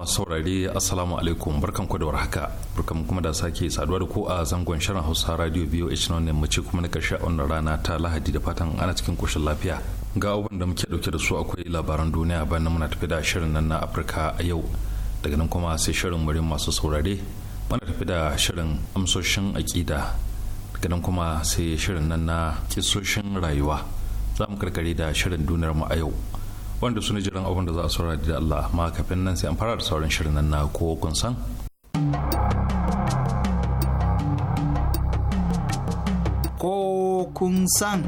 masu saurare assalamu alaikum barkan ku da warhaka barkan kuma da sake saduwa da ku a zangon shirin hausa radio voh na wannan mace kuma na karshe a wannan rana ta lahadi da fatan ana cikin koshin lafiya ga abubuwan da muke dauke da su akwai labaran duniya bayan muna tafi da shirin nan na afirka a yau daga nan kuma sai shirin murin masu saurare muna tafi da shirin amsoshin aƙida daga nan kuma sai shirin nan na kisoshin rayuwa za mu karkare da shirin duniyar mu a yau wanda su ne jiran abin da za a saurari da Allah ma kafin nan sai an fara da sauran shirin nan na ko kun san ko kun san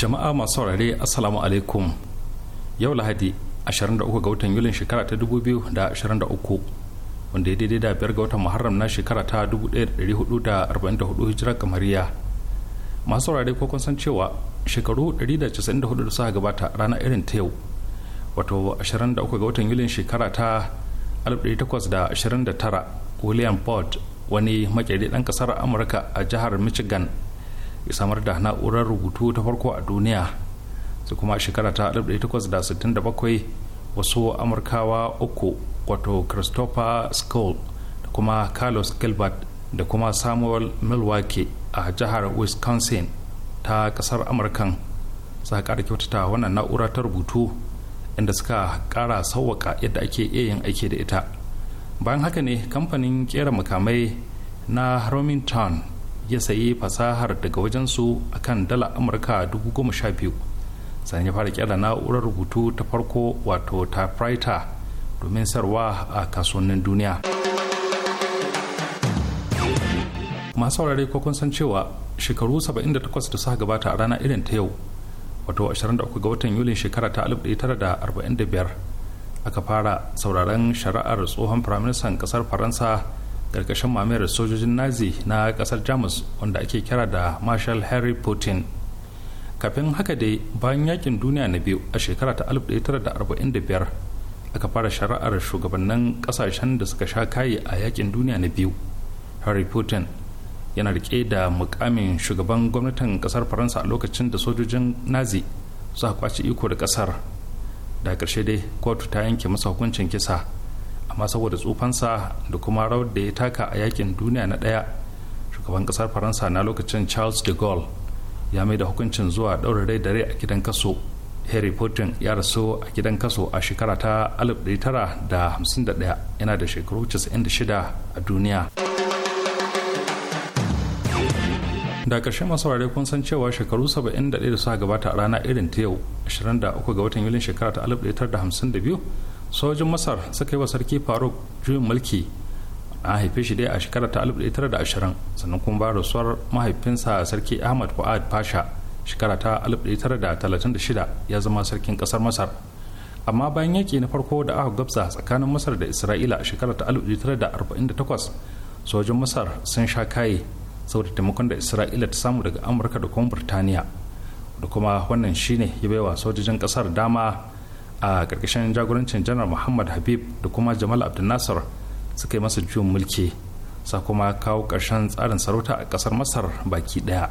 jama'a masu saurare assalamu alaikum yau lahadi 23 ga watan yulin shekara ta 2023 wanda ya daidai da biyar ga watan muharram na shekara ta 1444 hijirar kamariya masu saurare ko kun san cewa shekaru 194 da suka gabata rana irin ta yau wato 23 ga watan yulin shekara ta 1829 william ford wani makeri dan kasar amurka a jihar michigan ya samar da na'urar rubutu ta farko a duniya su kuma shekara ta 1867 wasu amurkawa uku wato christopher skull da kuma carlos gilbert da kuma samuel milwaukee a jihar wisconsin ta kasar amurkan suka kara kyautata wannan na'ura ta rubutu inda suka kara sauwaka yadda ake iya yin aiki da ita bayan haka ne kamfanin kera makamai na romington ya sayi fasahar daga wajensu a kan dala amurka biyu sannan ya fara kera na'urar rubutu ta farko wato typewriter domin sarwa a kasuwannin duniya. masu saurare ko kun san cewa shekaru 78 da suka gabata a rana irin ta yau wato 23 ga watan yulin shekara ta 1945 aka fara sauraron shari'ar tsohon firaministan kasar faransa karkashin mamayar sojojin nazi na kasar jamus wanda ake kira da marshal harry putin kafin haka dai bayan yakin duniya na biyu a shekara ta 1945 aka fara shari'ar shugabannin kasashen da suka sha kayi a yakin duniya na biyu harry putin yana rike da mukamin shugaban gwamnatin kasar faransa a lokacin da sojojin nazi suka kwaci iko da kasar da karshe dai kotu ta yanke masa hukuncin kisa amma saboda tsufansa da kuma rawar da ya taka a yakin duniya na ɗaya shugaban kasar faransa na lokacin charles de gaulle ya mai da hukuncin zuwa daura rai da rai a gidan kaso harry potter ya rasu a gidan kaso a shekara ta 1951 yana da shekaru 96 a duniya. da ƙarshen masu ware kun san cewa shekaru 71 da suka gabata a rana irin ta yau 23 ga watan yulin shekara ta 1952 sojin masar suka yi wa sarki faruk juyin mulki a haife shi dai a shekara ta 1920 sannan kuma ba rasuwar mahaifinsa sarki ahmad fuad pasha shekara ta 1936 ya zama sarkin kasar masar amma bayan yaƙi na farko da aka gabza tsakanin masar da isra'ila a shekara ta 1948 sojin masar sun sha kaye saboda taimakon da isra'ila ta samu daga amurka da kuma burtaniya da kuma wannan shine ya baiwa sojojin kasar dama a ƙarƙashin jagorancin janar muhammad habib da kuma jamal abdulnasar suka yi masa juyin mulki sa kuma kawo ƙarshen tsarin sarauta a ƙasar masar baki ɗaya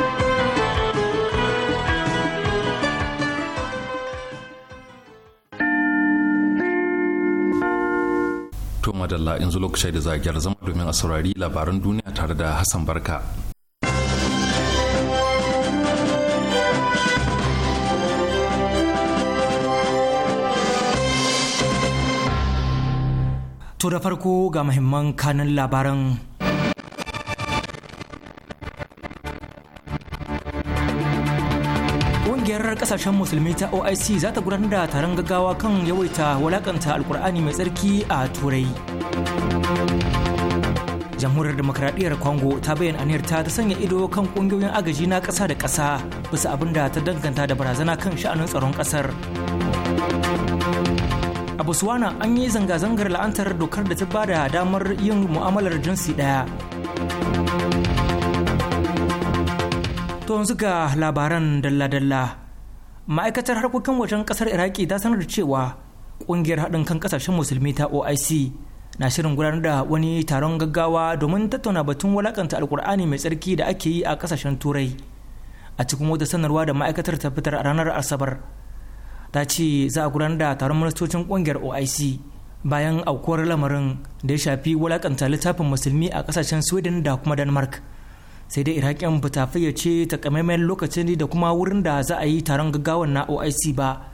madalla yanzu lokacin da zagiyar zama domin a saurari labaran duniya tare da Hassan Barka. To da farko ga muhimman kanin labaran Ƙungiyar ƙasashen musulmi ta OIC za ta gudanar da taron gaggawa kan yawaita walakanta alkur'ani mai tsarki a Turai. jamhuriyar demokradiyyar congo ta bayyana aniyarta ta sanya ido kan kungiyoyin agaji na ƙasa da ƙasa bisa abin da ta danganta da barazana kan sha'anin tsaron ƙasar a botswana an yi zanga-zangar la'antar dokar da ta ba da damar yin mu'amalar jinsi ɗaya to yanzu labaran dalla-dalla ma'aikatar harkokin wajen ƙasar iraki ta sanar da cewa ƙungiyar haɗin kan ƙasashen musulmi ta oic na shirin gudanar da wani taron gaggawa domin tattauna batun walakanta alkur'ani mai tsarki da ake yi a kasashen turai a cikin wata sanarwa da ma'aikatar ta fitar a ranar asabar ta ce za a gudanar da taron ministocin kungiyar oic bayan aukuwar lamarin da ya shafi walakanta littafin musulmi a kasashen sweden da kuma denmark sai dai iraƙin bata fayyace takamaiman lokacin da kuma wurin da za a yi taron gaggawan na oic ba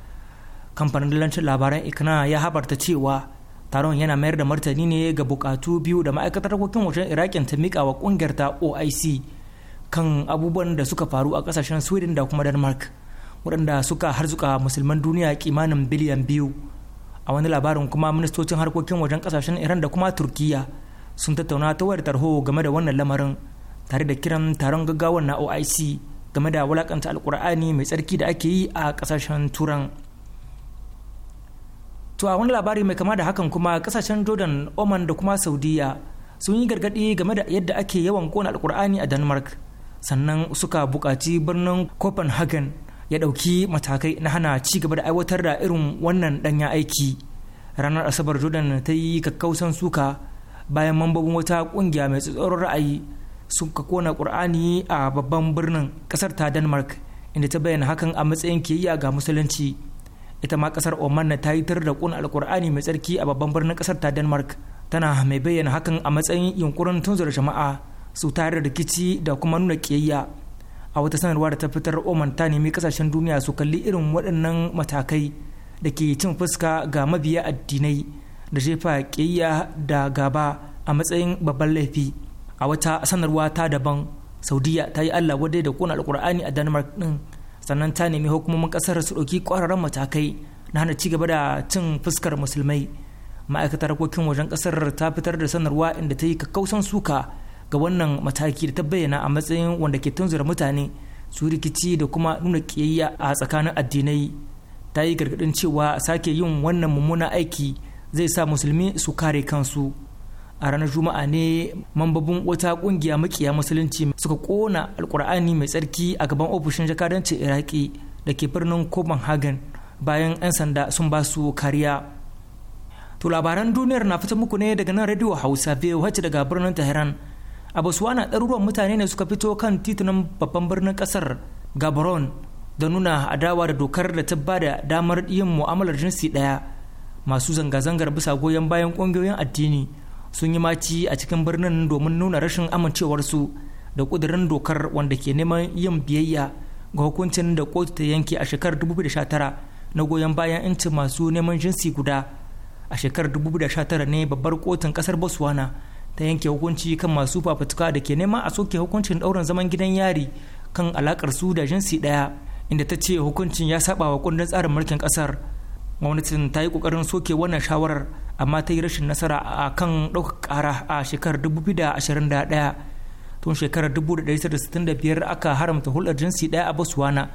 kamfanin labaran ikna ya habarta cewa taron yana mayar da martani ne ga bukatu biyu da ma'aikatar harkokin wajen irakin ta mika wa kungiyar ta oic kan abubuwan da suka faru a kasashen sweden da kuma denmark waɗanda suka harzuka musulman duniya kimanin biliyan biyu a wani labarin kuma ministocin harkokin wajen kasashen iran da kuma turkiya sun tattauna ta wayar tarho game da wannan lamarin tare da kiran taron gaggawan na oic game da wulakanta alkur'ani mai tsarki da ake yi a kasashen turan to a wani labari mai kama da hakan kuma kasashen jordan oman da kuma saudiya sun yi gargaɗi game da yadda ake yawan kona alkur'ani a denmark sannan suka buƙaci birnin copenhagen ya ɗauki matakai na hana ci gaba da aiwatar da irin wannan ɗanya aiki ranar asabar jordan ta yi kakkausan suka bayan mambobin wata ƙungiya mai tsoron ra'ayi ka kona ƙur'ani a babban birnin ƙasar ta denmark inda ta bayyana hakan a matsayin kiyayya ga musulunci ita ma kasar oman ta yi tar da kun alkur'ani mai tsarki a babban birnin kasar ta denmark tana mai bayyana hakan a matsayin yunkurin tunzura jama'a su tare da rikici da kuma nuna kiyayya a wata sanarwa da ta fitar oman ta nemi kasashen duniya su kalli irin waɗannan matakai da ke cin fuska ga mabiya addinai da jefa kiyayya da gaba a matsayin babban laifi a wata sanarwa ta daban saudiya ta yi allah wadai da kuna alkur'ani a denmark din sannan ta nemi hukumomin kasar su ɗauki ƙwararren matakai na hana ci gaba da cin fuskar musulmai ma'aikatar harkokin wajen kasar ta fitar da sanarwa inda ta yi kakkausan suka ga wannan mataki da ta bayyana a matsayin wanda ke tunzura mutane su rikici da kuma nuna ƙiyayya a tsakanin addinai ta yi gargaɗin cewa sake yin wannan mummunan aiki zai sa musulmi su kare kansu a ranar juma'a ne mambobin wata kungiya makiya musulunci suka kona alkur'ani mai tsarki a gaban ofishin jakadancin iraki da ke birnin copenhagen bayan 'yan sanda sun ba su kariya to labaran duniyar na fita muku ne daga nan radio hausa voh daga birnin tehran a botswana ɗaruruwan mutane ne suka fito kan titunan babban birnin ƙasar gabron da nuna adawa da dokar da ta ba da damar yin mu'amalar jinsi ɗaya masu zanga-zangar bisa goyon bayan ƙungiyoyin addini sun yi maci a cikin birnin domin nuna rashin amincewarsu da ƙudurin dokar wanda ke neman yin biyayya ga hukuncin da kotu ta yanke a shekarar 2019 na goyon bayan 'yancin masu neman jinsi guda a shekarar 2019 ne babbar kotun kasar botswana ta yanke hukunci kan masu fafutuka da ke neman a soke hukuncin ɗaurin zaman gidan yari kan alakar su da jinsi ɗaya inda ta ce hukuncin ya saba wa kundin tsarin mulkin ƙasar gwamnatin ta yi kokarin soke wannan shawarar amma ta yi rashin nasara a kan ɗaukar ƙara a shekarar 2021 tun shekarar 1965 aka haramta hulɗar jinsi ɗaya a botswana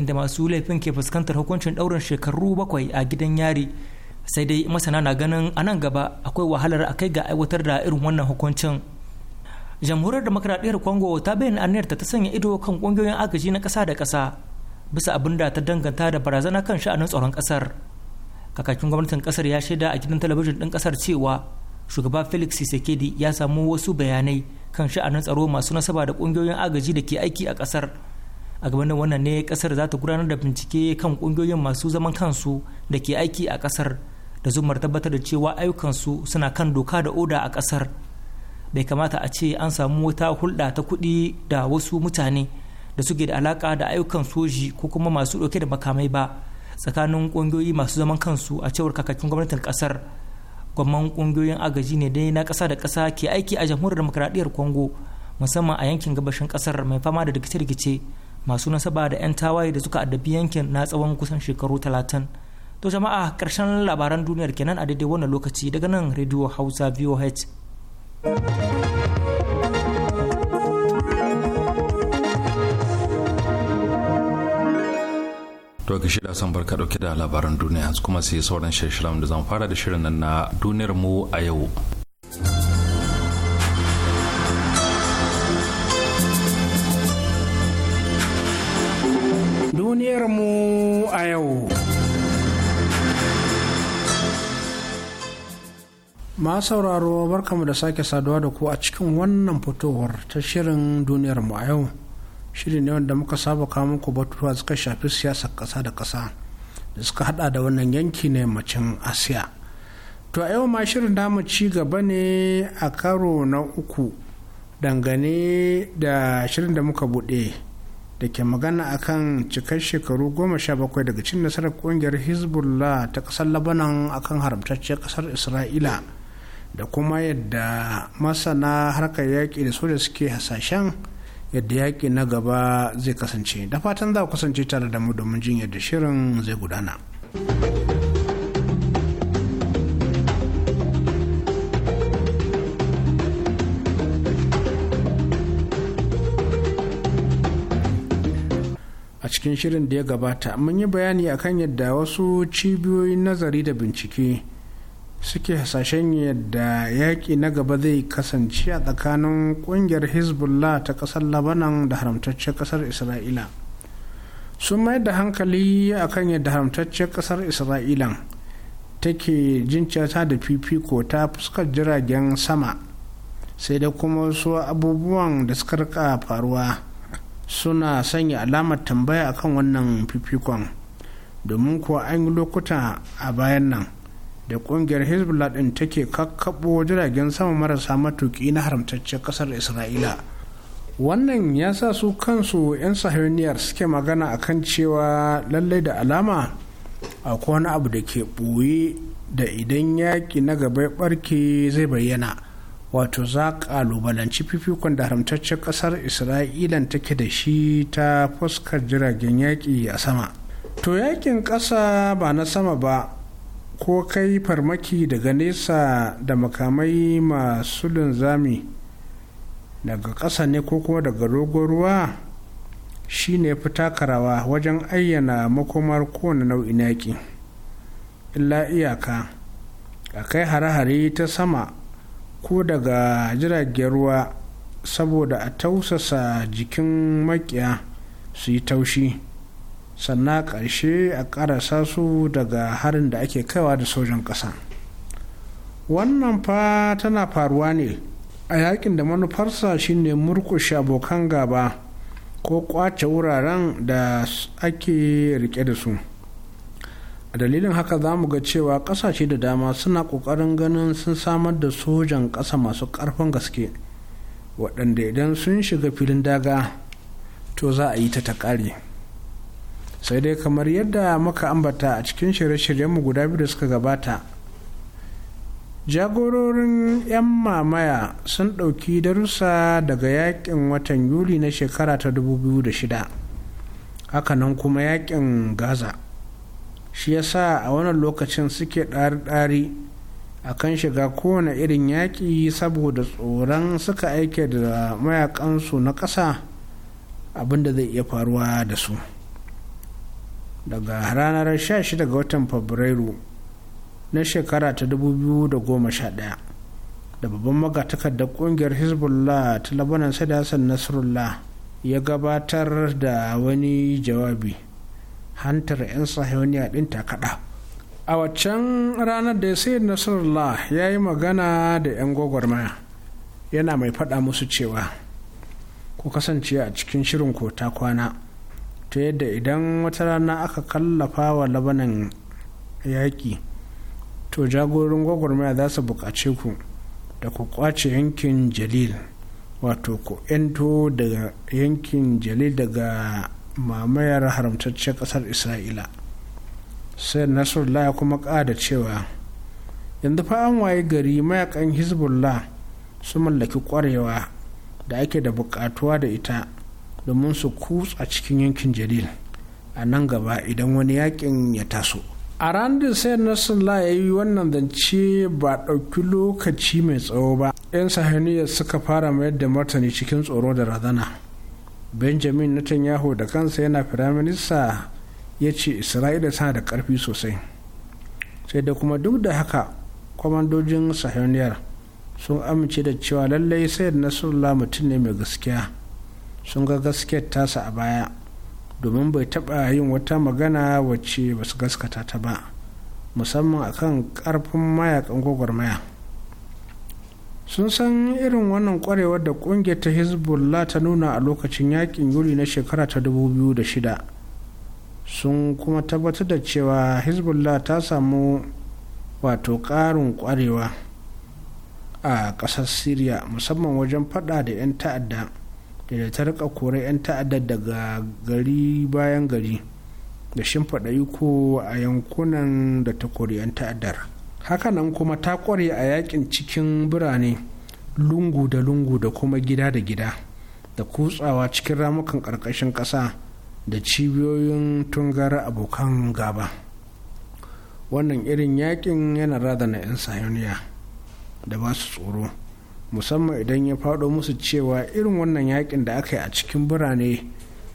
inda masu laifin ke fuskantar hukuncin ɗaurin shekaru bakwai a gidan yari sai dai masana na ganin a nan gaba akwai wahalar a kai ga aiwatar da irin wannan hukuncin jamhuriyar demokradiyyar congo ta bayyana aniyarta ta sanya ido kan ƙungiyoyin agaji na ƙasa da ƙasa bisa abin da ta danganta da barazana kan sha'anin tsaron ƙasar kakakin gwamnatin kasar ya shaida a gidan talabijin ɗin kasar cewa shugaba felix sisekedi ya samu wasu bayanai kan sha'anin tsaro masu nasaba da ƙungiyoyin agaji da ke aiki a kasar a gaban wannan ne kasar za ta gudanar da bincike kan ƙungiyoyin masu zaman kansu da ke aiki a kasar da zumar tabbatar da cewa ayyukansu suna kan doka da oda a kasar bai kamata a ce an samu wata hulɗa ta kuɗi da wasu mutane da suke da alaƙa da ayyukan soji ko kuma masu ɗauke da makamai ba tsakanin ƙungiyoyi masu zaman kansu a cewar kakakin gwamnatin ƙasar gwamman ƙungiyoyin agaji ne dai na kasa da kasa ke aiki a jamhuriyar demokradiyyar congo musamman a yankin gabashin kasar mai fama da rikice-rikice masu nasaba da 'yan tawaye da suka addabi yankin na tsawon kusan shekaru talatin to jama'a karshen labaran duniyar kenan a daidai wannan lokaci daga nan rediyo hausa voh dauki shida son barka dauke da labaran duniya kuma sai sauran shirin da zan fara da shirin nan na duniyar mu a yau duniyar mu a yau ma sauraro barkamu da sake saduwa da ku a cikin wannan fitowar ta shirin duniyar mu a yau shirin ne wanda muka saba kawo muku batutuwa suka shafi siyasar kasa da kasa da suka hada da wannan yanki na yammacin asiya to a yau ma shirin namu ci gaba ne a karo na uku dangane da shirin da muka buɗe da ke magana akan cikar shekaru goma sha bakwai daga cin nasarar kungiyar hezbollah ta ƙasar labanan akan haramtacciyar kasar isra'ila da kuma yadda masana harkar yaƙi da soja suke hasashen yadda yaƙi na gaba zai kasance da fatan za ku kasance tare da mu domin jin yadda shirin zai gudana. a cikin shirin da ya gabata mun yi bayani akan yadda wasu cibiyoyin nazari da bincike suke hasashen yadda yaƙi na gaba zai kasance a tsakanin ƙungiyar hezbollah ta ƙasar labanan da haramtaccen ƙasar isra'ila sun mai da hankali a kan yadda haramtaccen ƙasar isra'ila take cata da fifiko ta fuskar jiragen sama sai da kuma wasu abubuwan da suka rika faruwa suna sanya alamar tambaya akan wannan fifikon domin kuwa an yi lokuta a bayan nan da kungiyar hezbollah din take kakkabo jiragen sama marasa matuki na haramtaccen kasar isra'ila wannan ya sa su kansu 'yan sahiyaniyar suke magana a kan cewa lallai da alama akwai wani abu da ke ɓoye da idan yaƙi na gaba ya ɓarke zai bayyana wato za ƙalubalanci fifikon da haramtaccen ƙasar isra'ilan take da shi ta fuskar jiragen yaƙi a sama to yaƙin ƙasa ba na sama ba ko kai farmaki daga nesa da makamai masu linzami daga ƙasa ne ko kuma daga dogon ruwa shi ne fi takarawa wajen ayyana makomar kowane nau'in yaƙi illa iyaka a kai hare-hare ta sama ko daga jiragen ruwa saboda a tausasa jikin makiya su yi taushi sannan ƙarshe a ƙarasa su daga harin da ake kaiwa da sojan ƙasa wannan fa tana faruwa ne a yakin da manufarsa shine murkushe abokan gaba ko ƙwace wuraren da ake rike da su a dalilin haka za mu ga cewa ƙasashe da dama suna ƙoƙarin ganin sun samar da sojan ƙasa masu ƙarfin gaske waɗanda idan sun shiga filin daga to za a yi ta ta ƙare sai dai kamar yadda muka ambata a cikin shirye-shiryenmu guda biyu da suka gabata jagororin 'yan mamaya sun ɗauki darussa daga yakin watan yuli na shekara ta 2006 hakanan kuma yakin gaza shi yasa a wannan lokacin suke ɗari-ɗari a kan shiga kowane irin yaƙi saboda tsoron suka aike da mayakansu na ƙasa abinda zai iya faruwa da su. daga ranar 16 ga watan fabrairu na shekara ta 2011 da babban magatakardar kungiyar hezbollah ta labanan sadasan nasrullah ya gabatar da wani jawabi hantar 'yan a din takaɗa a waccan ranar da sai nasrullah ya yi magana da 'yan gwagwarmaya yana mai faɗa musu cewa ku kasance a cikin shirin kota kwana ta yadda idan wata rana aka kallafa wa labanin yaƙi to jagorin gwagwarmaya za su buƙace ku da ku ƙwace yankin jalil wato ku 'yanto daga yankin jalil daga mamayar haramtaccen ƙasar isra'ila sai ya kuma ƙada cewa yanzu fa an waye gari mayakan hezbollah su mallaki ƙwarewa da ake da buƙatuwa da ita domin su kutsa cikin yankin jalil a nan gaba idan wani yakin ya taso a ranar sai na ya yi wannan zance ba ɗauki lokaci mai tsawo ba 'yan sahaniya suka fara mayar da martani cikin tsoro da razana benjamin netanyahu da kansa yana firaminista ya ce isra'ila tana da ƙarfi sosai sai da kuma duk da haka kwamandojin sahaniyar sun amince da cewa lallai sayar nasrallah mutum ne mai gaskiya sun ga gaskiyar tasa a baya domin bai taɓa yin wata magana wacce ba su gaskata ta ba musamman akan ƙarfin mayakan gwagwarmaya sun san irin wannan kwarewar da ƙungiyar ta hezbollah ta nuna a lokacin yakin yuli na shekara ta 2006 sun kuma tabbatar da cewa hezbollah ta samu wato ƙarin kwarewa a ƙasar syria musamman wajen fada da 'yan ta'adda da ta rika kore 'yan ta'addar daga gari bayan gari da shimfiɗa iko a yankunan da ta kori 'yan ta'addar hakanan kuma ta kware a yakin cikin birane lungu da lungu da kuma gida da gida da kutsawa cikin ramukan ƙarƙashin ƙasa da cibiyoyin tungar abokan gaba wannan irin yakin yana razana 'yan sayoniya da ba su tsoro musamman idan ya faɗo musu cewa irin wannan yakin da aka yi a cikin birane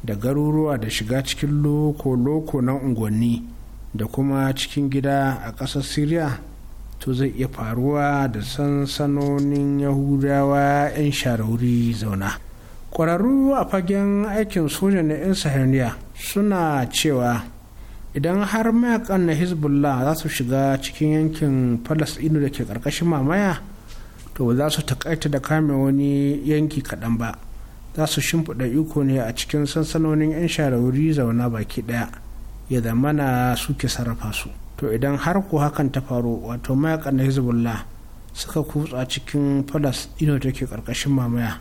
da garuruwa da shiga cikin loko-loko na unguwanni da kuma cikin gida a ƙasar syria to zai iya faruwa da sansanonin yahudawa 'yan sharauri zauna ƙwararru a fagen aikin soja na 'yan sahariya suna cewa idan har mayakan na hezbollah za su shiga cikin yankin falasɗinu da ke ƙarƙashin mamaya to ba za su takaita da kame wani yanki kaɗan ba za su shimfiɗa iko ne a cikin sansanonin 'yan shawarwari zauna baki ɗaya ya zamana suke sarrafa su to idan har ko hakan ta faru wato mayaƙa na hezbollah suka kutsa cikin falas ino take ƙarƙashin mamaya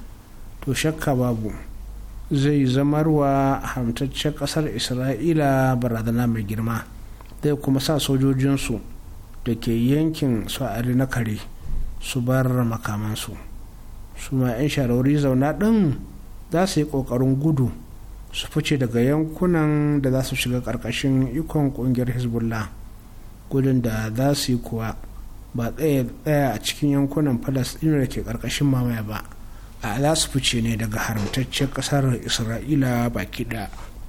to shakka babu zai zamarwa hamtaccen ƙasar isra'ila barazana mai girma zai kuma sa sojojinsu da ke yankin sa'ari na kare su bar makamansu su ma 'yan sharori zauna ɗin za su yi ƙoƙarin gudu su fice daga yankunan da za su shiga ƙarƙashin ikon ƙungiyar hezbollah gudun da za su yi kuwa ba tsaye tsaya a cikin yankunan falasɗinu da ke ƙarƙashin mamaya ba a za su fice ne daga haramtaccen ƙasar isra'ila ba kiɗa.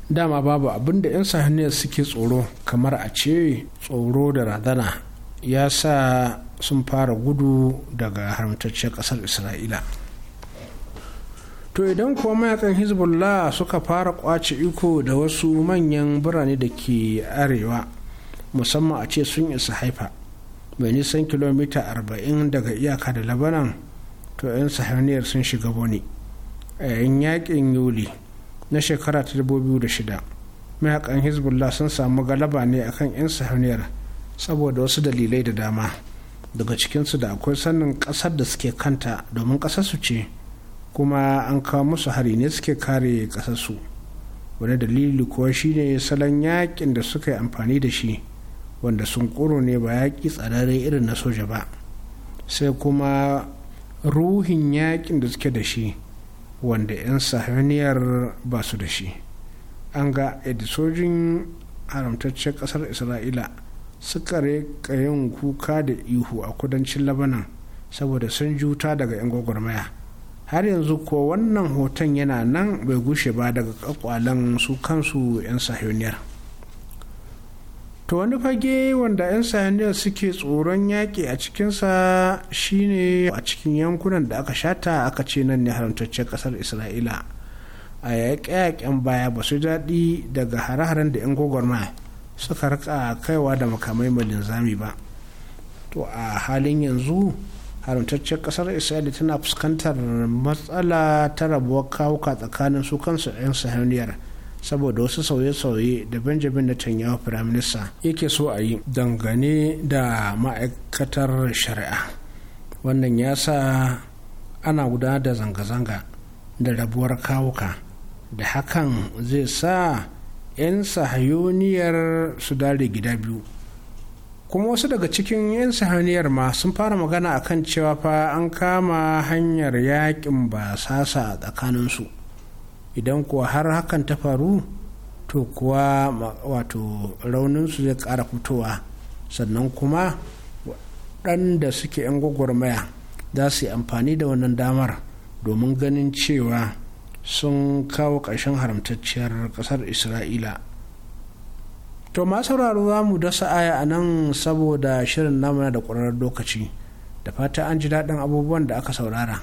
dama babu abin da 'yan sahaniyar suke tsoro kamar a ce tsoro da razana ya sa sun fara gudu daga haramtacciyar ƙasar isra'ila to idan kuwa mayakan hezbollah suka fara kwace iko da wasu manyan birane da ke arewa musamman a ce sun isa haifa mai nisan kilomita 40 daga iyaka da labanan to 'yan sahaniyar sun shiga boni a yayin yakin yuli na shekara ta da shida mayakan hezbollah sun samu galaba ne akan 'yan sahaniyar saboda wasu dalilai da dama daga cikinsu da akwai sannin kasar da suke kanta domin ƙasarsu ce kuma an kawo musu hari ne suke kare ƙasarsu wani dalili kuwa shine salon yakin da suka yi amfani da shi wanda sun kuro ne ba yaƙi tsararre irin na soja ba sai kuma ruhin yakin da suke da shi wanda 'yan sahaniyar ba su da shi an ga sojin haramtaccen kasar isra'ila suka rika yin kuka da ihu a kudancin labanan saboda sun juta daga 'yan gwagwarmaya har yanzu ko wannan hoton yana nan bai gushe ba daga kakwalan su kansu 'yan sahiyoniyar to wani fage wanda 'yan sahiyoniyar suke tsoron yaƙi a cikinsa shine a cikin yankunan da aka shata aka ce nan ne haramtaccen ƙasar isra'ila a yaƙe-yaƙen baya ba su daɗi daga hare-haren da 'yan gwagwarmaya suka rika kaiwa da makamai linzami ba to a halin yanzu haramtaccen kasar isra'ila tana fuskantar matsala ta rabuwar kawuka tsakanin su kansu 'yan sahaniyar saboda wasu sauye-sauye da benjamin netanyahu firaminista yake so a yi dangane da ma'aikatar shari'a wannan ya sa ana gudanar da zanga-zanga da rabuwar kawuka da hakan zai sa 'yan sahayoniyar su dare gida biyu kuma wasu daga cikin 'yan sahayoniyar ma sun fara magana akan cewa fa an kama hanyar yakin basasa a tsakaninsu idan kuwa har hakan ta faru to kuwa wato rauninsu zai ƙara fitowa sannan kuma waɗanda suke 'yan gwagwarmaya za su yi amfani da wannan damar domin ganin cewa sun kawo ƙarshen haramtacciyar ƙasar isra'ila to ma sauraro za mu dasa aya a nan saboda shirin namuna da ƙwararren lokaci da fata an ji daɗin abubuwan da aka saurara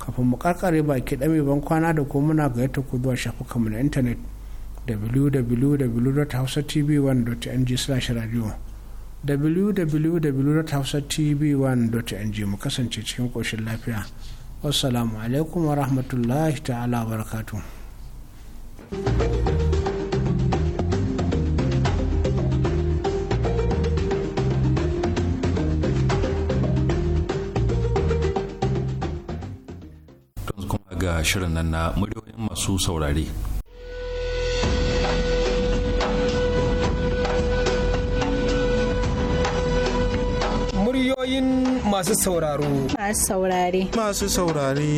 kafin mu karkare baki ɗame ban kwana da kuma muna ga yadda ku zuwa shafukanmu na intanet www.hausatv1.ng slash radio www.hausatv1.ng mu kasance cikin ƙoshin lafiya wasalamu alaikum wa rahmatullahi ta'ala barakatu kuma ga shirin nan na muryoyin masu saurare Muryoyin masu sauraro. Masu saurare. Masu saurare.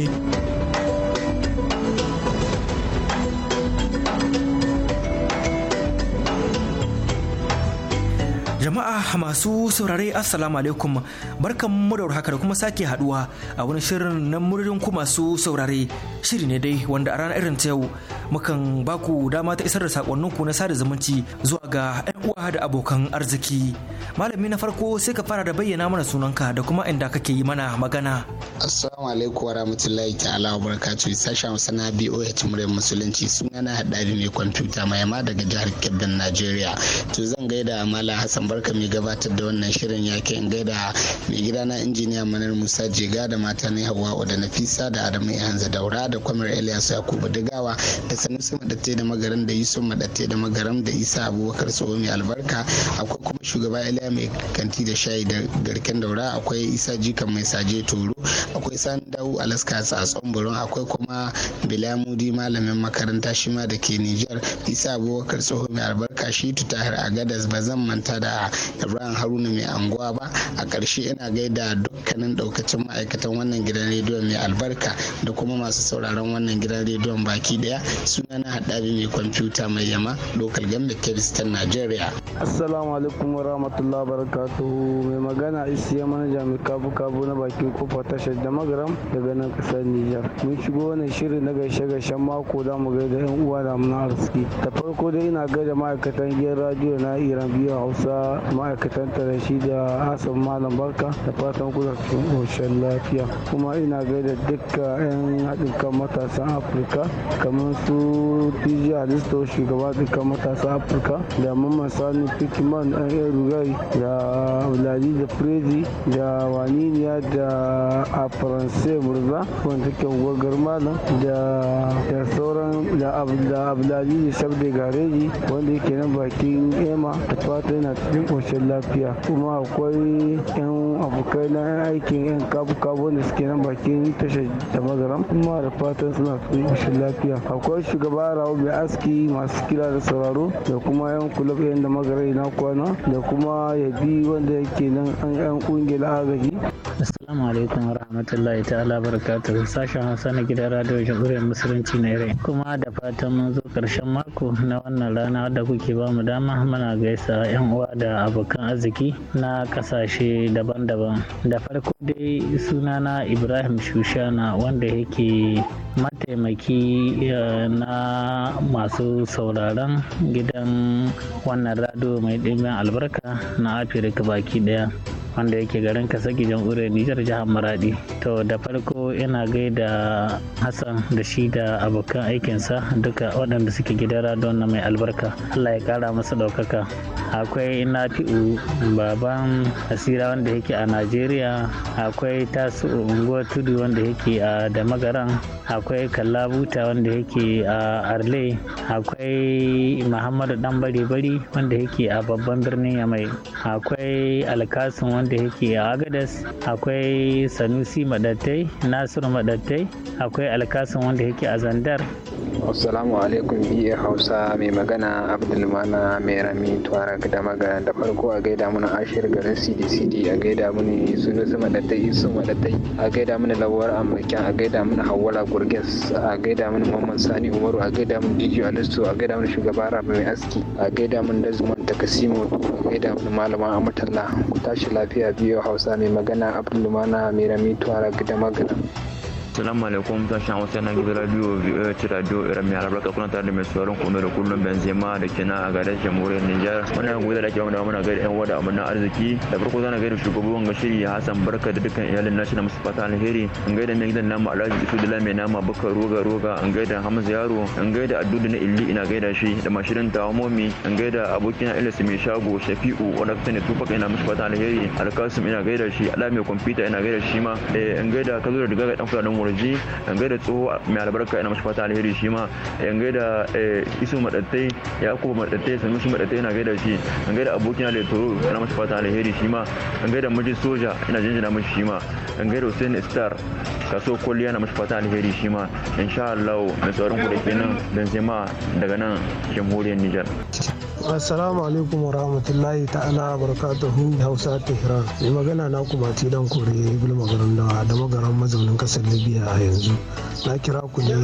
Jama'a masu saurare Assalamu alaikum barkan mu da warhaka da kuma sake haduwa a wani shirin na muryoyin masu saurare shiri ne dai wanda a ranar irin ta yau mukan baku dama ta isar da sakonninku na sada zumunci zuwa ga 'yan uwa da abokan arziki. Malami na farko sai ka fara da bayyana mana sunanka da kuma inda kake yi mana magana. Assalamu alaikum wa ta'ala wa barakatuh. Sashen sana BOH murya musulunci sunana hadari mai kwamfuta mai ma daga jihar Kebbi Najeriya. To zan gaida Malam Hassan Barka mai gabatar da wannan shirin yake in gaida mai gidana injiniya Manar Musa Jega da mata ne Hawwa da Nafisa da Adamu Ihanza Daura da Kwamar elias Yakubu Digawa da sanusi madatte da magaram da yusuf madatte da magaram da isa abubakar tsoho mai albarka akwai kuma shugaba iliya mai kanti da shayi da garken daura akwai isa jikan mai saje toro akwai sani dawu alaska a tsomburon akwai kuma bilamudi malamin makaranta shi ma da ke nijar isa abubakar tsoho mai albarka shi a agadas ba zan manta da ibrahim haruna mai anguwa ba a ƙarshe ina gaida dukkanin ɗaukacin ma'aikatan wannan gidan rediyon mai albarka da kuma masu sauraron wannan gidan rediyon baki daya sunana haɗari ne kwamfuta mai yama local da kiristan nigeria assalamu alaikum wa rahmatullahi barakatuhu mai magana isiya manaja mai kabu kabu na bakin kofa tashar da magaram daga nan kasar niger mun shigo wani shirin na gaishe gaishen mako za mu gaida yan uwa da mun arziki da farko dai ina gaida ma'aikatan gidan radio na iran biyu hausa ma'aikatan tarashi da asan malam barka da fatan kuna cikin ƙoshin lafiya kuma ina gaida dukkan yan haɗin kan matasan afirka kamar su su dj shugaba dukkan matasa afirka da mamman sani pikiman ɗan rugai da abdulaziz da prezi da waniniya da a faransai murza wanda take gwagar malam da da sauran da abdulaziz shabde gareji wanda yake nan bakin ema da fata yana cikin ƙoshin lafiya kuma akwai yan abokai na aikin yan kabu-kabu wanda suke nan bakin tashar da magaram kuma da fatan suna cikin ƙoshin lafiya akwai kuma shugaba rawa bai aski masu kira da sauraro da kuma yan kulub yan da magarai na kwana da kuma ya bi wanda yake nan an yan kungiyar agaji assalamu alaikum rahmatullahi ta'ala barakatuh sashen hausa na gidan radio jamhuriyar musulunci na irai kuma da fatan mun zo karshen mako na wannan rana da kuke ba mu dama muna gaisa yan uwa da abokan arziki na kasashe daban-daban da farko dai sunana ibrahim shushana wanda yake mataimaki eh, na masu sauraron gidan wannan rado mai ɗimbin albarka na afirka baki ɗaya wanda yake garin kasaki jamhuriyar nijar jihar maradi to da farko ina gaida hassan da shi da abokan aikinsa duka waɗanda suke gidan rado na mai albarka allah ya kara masa ɗaukaka akwai ina fi'u. baban asira wanda yake a najeriya akwai tasu unguwar tudu wanda yake a damagaran akwai kallabuta wanda yake a arle akwai muhammadu dan bari-bari wanda yake a babban birnin yamai akwai alkasun wanda yake a agadas akwai sanusi madattai nasiru madattai akwai alkasin wanda yake a zandar assalamu alaikum biya hausa mai magana abdulmana mai rami tuwara da magana da farko a gaida mana ashir garin cdcd a gaida mini sunusi madattai isu madattai a gaida mini lawar amurkiya a gaida mini hawala gurgi Tingas a gaida mini mamman Sani Umaru a gaida mini DJ Alistu a gaida mini shugaba Rabi Mai Aski a gaida mini Desmond Takasimu a gaida mini Malama Amatalla ku tashi lafiya biyu Hausa mai magana Abdulmana Mai Rami Tuwara magana. Salamu alaikum sashen Hausa na gidan radio VOH radio Iran mai albarka kuna tare da mai sauran kuno da kullum Benzema da kina a garin jamhuriyar Nijar. Wannan gobe da ake wanda muna gaida yan wada amana arziki. Da farko zan gaida shugaban gashiri Hassan Barka da dukkan iyalin nashi na musubata alheri. An gaida mai gidan namu Alhaji Isu da lamai nama Bukka Roga Roga. An gaida Hamza Yaro. An gaida Abdul na Illi ina gaida shi da mashirin Tawamomi. An gaida abokina Ilis mai shago Shafi'u wanda kusa ne Tupac ina musubata alheri. Alkasim ina gaida shi. Ala mai kwamfuta ina gaida shi ma. Eh, an gaida zo da daga ga dan murji yan gaida tsoho mai albarka ina mashi fata alheri shi ma yan gaida eh, isu madattai ya kuma madattai sanu shi madattai ina gaida shi yan gaida abokina da toro ina mashi fata alheri shi ma yan gaida mijin soja ina jinjina mashi shi ma yan gaida hussein star kaso kwalliya na mashi fata alheri shi ma insha Allah mai tsaron ku da sai ma daga nan jamhuriyar Nijar. Assalamu alaikum wa rahmatullahi ta'ala barakatuhu Hausa Tehran. Mai magana na kuma ce dan kore bulmagarin da da magaran mazaunin kasar Libya. lafiya a yanzu na kira ku ne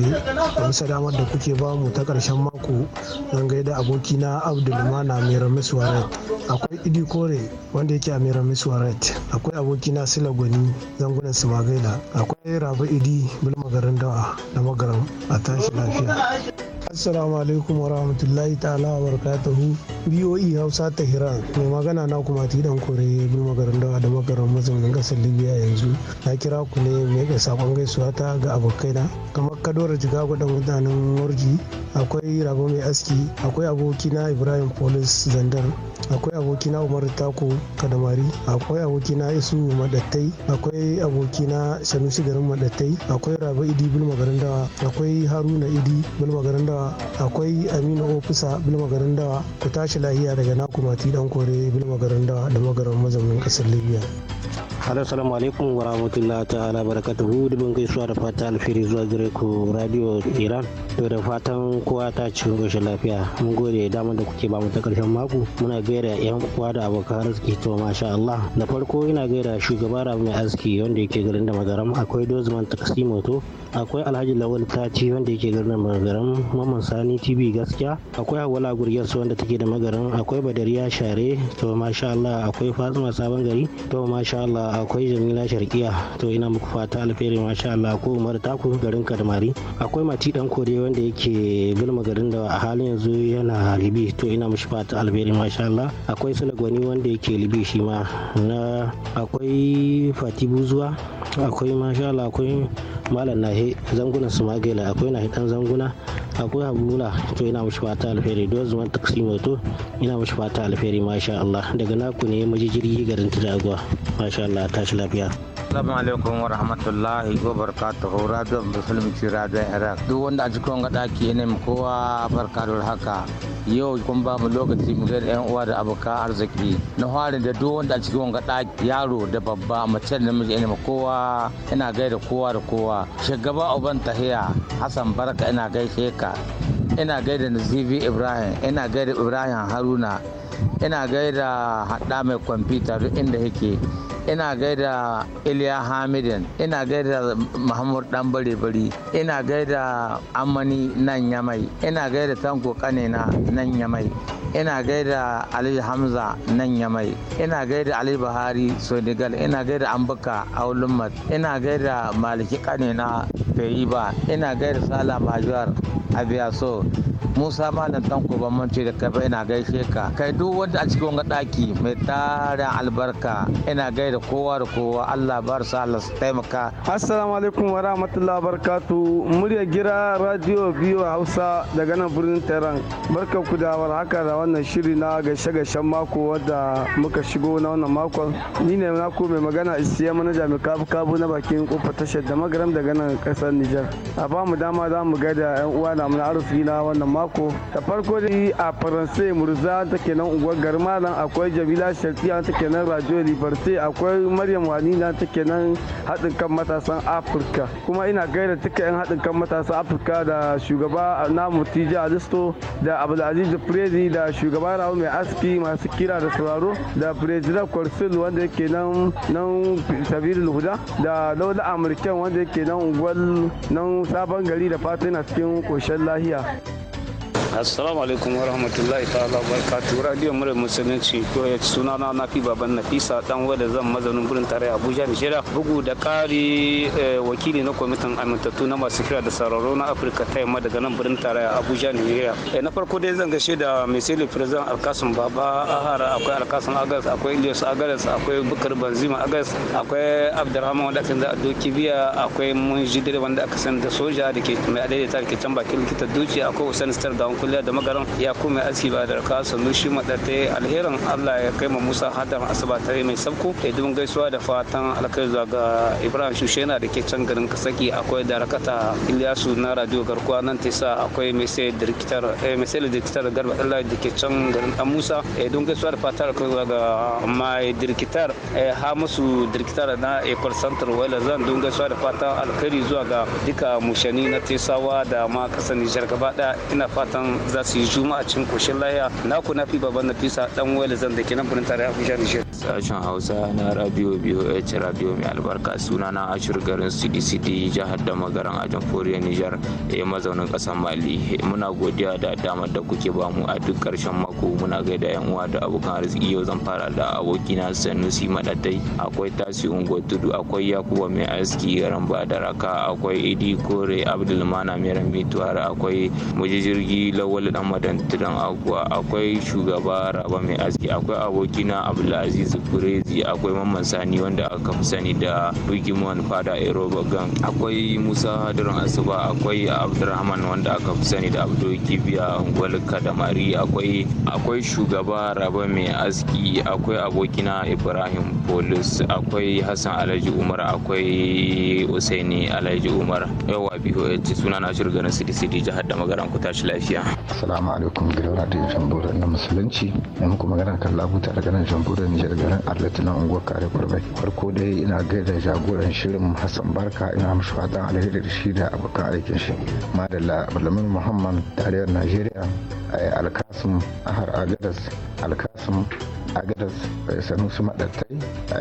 a musa damar da kuke bamu ta karshen mako don gaida abokina abdulmana mai ramis warren akwai idi kore wanda yake a mai ramis akwai abokina sila gwani zangunan simagaila akwai rabu idi bulmagarin dawa da magaran a tashi lafiya Assalamu alaikum wa rahmatullahi ta'ala wa barakatuhu. BOE Hausa ta hiran Mai magana na kuma tidan kore bin magarin dawa da magarin mazaunin kasar Libya yanzu. Na kira ku ne mai ga sakon gaisuwa ta ga abokaina. Kamar Kadora jiga dan mutanen Warji, akwai Rabo Mai Aski, akwai abokina Ibrahim Polis Zandar, akwai abokina Umar Tako Kadamari, akwai abokina Isu Madattai, akwai abokina Sanusi Garin Madattai, akwai Rabi Idi bin magarin dawa, akwai Haruna Idi bin magarin dawa dawa akwai aminu ofisa bilma garin dawa ku tashi lahiya daga mati dan kore bilma garin dawa da magaran mazaunin kasar libya Hada salamu alaikum wa rahmatullahi ta'ala barakatuhu dubin gaisuwa da fata alfiri zuwa gare ku radio Iran. To da fatan kowa ta ci ƙoshin lafiya. Mun gode damar da kuke ba mu ta ƙarshen mako. Muna gaira yan uwa da abokan arziki to masha Allah. Da farko ina gaira shugaba rabu mai arziki wanda yake garin da magaram akwai Dozman Takasimoto akwai Alhaji Lawal Tati wanda yake garin da magaram Mamman Sani TV gaskiya akwai Hawala Gurgiyar wanda take da magaram akwai Badariya Share to masha Allah akwai Fatima Sabon Gari to masha Allah akwai jamila sharkiya to ina muku fata alheri masha Allah ko umar taku garin kadamari akwai mati dan kore wanda yake gulma garin da a halin yanzu yana libi to ina mushi fata alheri masha Allah akwai sulagwani wanda yake libi shi ma na akwai fatibu zuwa akwai masha Allah akwai malam nahe zangunan su magela akwai nahe dan zanguna akwai habula to ina mishi fata alheri don man taksi to ina mishi fata alheri masha Allah daga naku ne maji jirgi garin Tiraguwa masha Allah tashi lafiya Assalamu alaikum wa rahmatullahi wa barakatuh Radio Musulunci Radio Iraq. Duk wanda a cikin gada ke ne mu kowa barka da haka. Yau kun ba mu lokaci mu gaida yan uwa da abokan arziki. Na fara da duk wanda a cikin gada yaro da babba mace da namiji ne mu kowa ina gaida kowa da kowa. Shugaba Uban Tahiya Hassan Barka ina gaishe ka. Ina gaida Nazibi Ibrahim, ina gaida Ibrahim Haruna, ina gaida hada mai kwamfuta duk inda yake ina gaida iliya hamidin ina gaida muhammad dan bari bari ina gaida amani nan yamai ina gaida tanko kanina nan yamai ina gaida ali hamza nan yamai ina gaida ali buhari sonigal ina gaida a aulumat ina gaida maliki kanina bai ina gaida sala majuwar abiyaso musa malam tanko ban mance da kai ina gaishe ka kai du duk wanda a cikin wanga daki mai tarin albarka ina gaida kowa da kowa Allah bar sa Allah su taimaka assalamu alaikum wa rahmatullahi barakatu murya gira radio biyu Hausa daga nan birnin Tehran barka ku da haka da wannan shiri na gashe gashen mako wanda muka shigo na wannan makon ni ne na ku mai magana isiya manaja mai kabu kabu na bakin kofar tashar da magaram daga nan kasar Nijar a ba mu dama za mu gaida yan uwa na mun arziki na wannan mako da farko dai a faransa murza take nan unguwar nan akwai Jamila Sharfiya ta nan Radio Liberté akwai Maryam Wani na ta nan haɗin kan matasan Afirka kuma ina gaira tuka 'yan haɗin kan matasan Afirka da shugaba na murtija Alisto da Abdulaziz Prezi da shugaba Rawu Mai Aski masu kira da sauraro da President Corsil wanda yake nan nan Sabirul Huda da lauda Amurken wanda yake nan unguwar nan sabon gari da fatan cikin ƙoshin lahiya. assalamu alaikum wa rahmatullahi ta'ala barakatu radio mura musulunci ko ya suna na nafi baban nafisa dan wanda zan mazanin gurin tarayya abuja nigeria bugu da kari eh, wakili na kwamitin amintattu na masu kira da sararo na afirka ta yamma daga nan birnin tarayya abuja nigeria eh, na farko dai zan gashe da misali president alkasun baba ahara akwai alkasun agas akwai ilyas agas akwai bukar banzima agas akwai abdurrahman wanda aka da doki biya akwai mun jidire wanda aka san da soja da ke mai adaidaita da ke can bakin likita duci akwai usain star down kulliya da magaran ya kuma aski ba da raka sannu shi madatte alheran Allah ya kai mu Musa hadar asuba ta mai sabko da dubin gaisuwa da fatan alkai zuwa ga Ibrahim Shushena da ke can garin Kasaki akwai da rakata Ilyasu na radio garkuwa nan ta sa akwai mai sai da eh mai sai da garba Allah da ke can garin Dan Musa da dubin gaisuwa da fatan alkai zuwa ga mai eh ha musu dirkitar na Ecole Center wala zan dubin gaisuwa da fatan alkhairi zuwa ga duka mushani na Tesawa da ma kasar Nijar gaba ina fatan za su yi juma'a cikin koshin lahiya naku na fi baban nafisa dan wayar zan da ke nan birnin tare abuja nishir sashen hausa na radio boh radio mai albarka suna na ashir garin city city jihar da magaran a koriya nijar ya eh, mazaunin kasar mali eh, muna godiya da damar da kuke bamu a duk karshen mako muna gaida yan uwa da abokan arziki yau zan fara da abokina sanusi madatai akwai tasi ungo tudu akwai yakuba mai aski garin badaraka akwai idi kore abdulmana mai rambi akwai mujijirgi lawal dan madan tiran aguwa akwai shugaba raba mai aski akwai abokina abdulaziz kurezi akwai mamman sani wanda aka fi sani da bigimon fada aeroba gang akwai musa hadirin asuba akwai abdurrahman wanda aka fi sani da abdo kibiya gwal kadamari akwai akwai shugaba raba mai aski akwai abokina ibrahim polis akwai hassan alhaji umar akwai usaini alhaji umar yawa biyu suna na shirga na sidi sidi jihar da magaran ku tashi lafiya Assalamu alaikum gidan radio Jamhuriyar na Musulunci. Na muku magana kan labuta daga nan Jamhuriyar Nijar garin Arlati na unguwar Kare Kurbai. Farko dai ina gaida jagoran shirin Hassan Barka ina mashi fatan alheri da shi da abokan aikin shi. Madalla Abdulmin Muhammad tarayyar Najeriya eh, Alkasim Ahar Agadas Alkasim a gadar sanusu maɗattai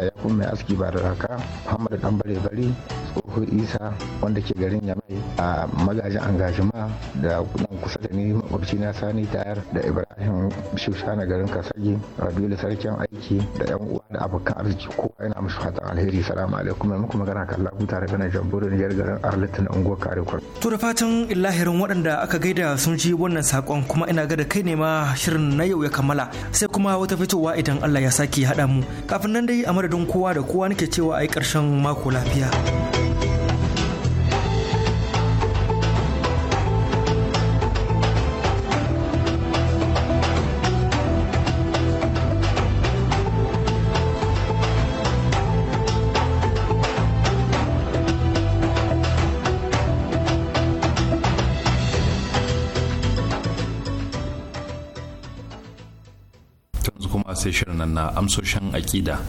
ya kuma mai aski ba da raka muhammadu dan bare bari tsoho isa wanda ke garin yamai a magajin angajima da kudan kusa da ni makwabci na sani tayar da ibrahim shushana garin kasagi rabiulu sarkin aiki da yan uwa da abokan arziki ko yana mashi fatan alheri salamu alaikum mai muku magana kan ku tare da jamhuriyar nijar garin arlington unguwar kare kwan. to da fatan lahirin waɗanda aka gaida sun ji wannan saƙon kuma ina ga da kai ne ma shirin na yau ya kammala sai kuma wata fitowa idan idan Allah ya sake haɗa mu kafin nan dai a madadin kowa da kowa nake cewa a yi ƙarshen mako lafiya. shirin na amsoshin akida.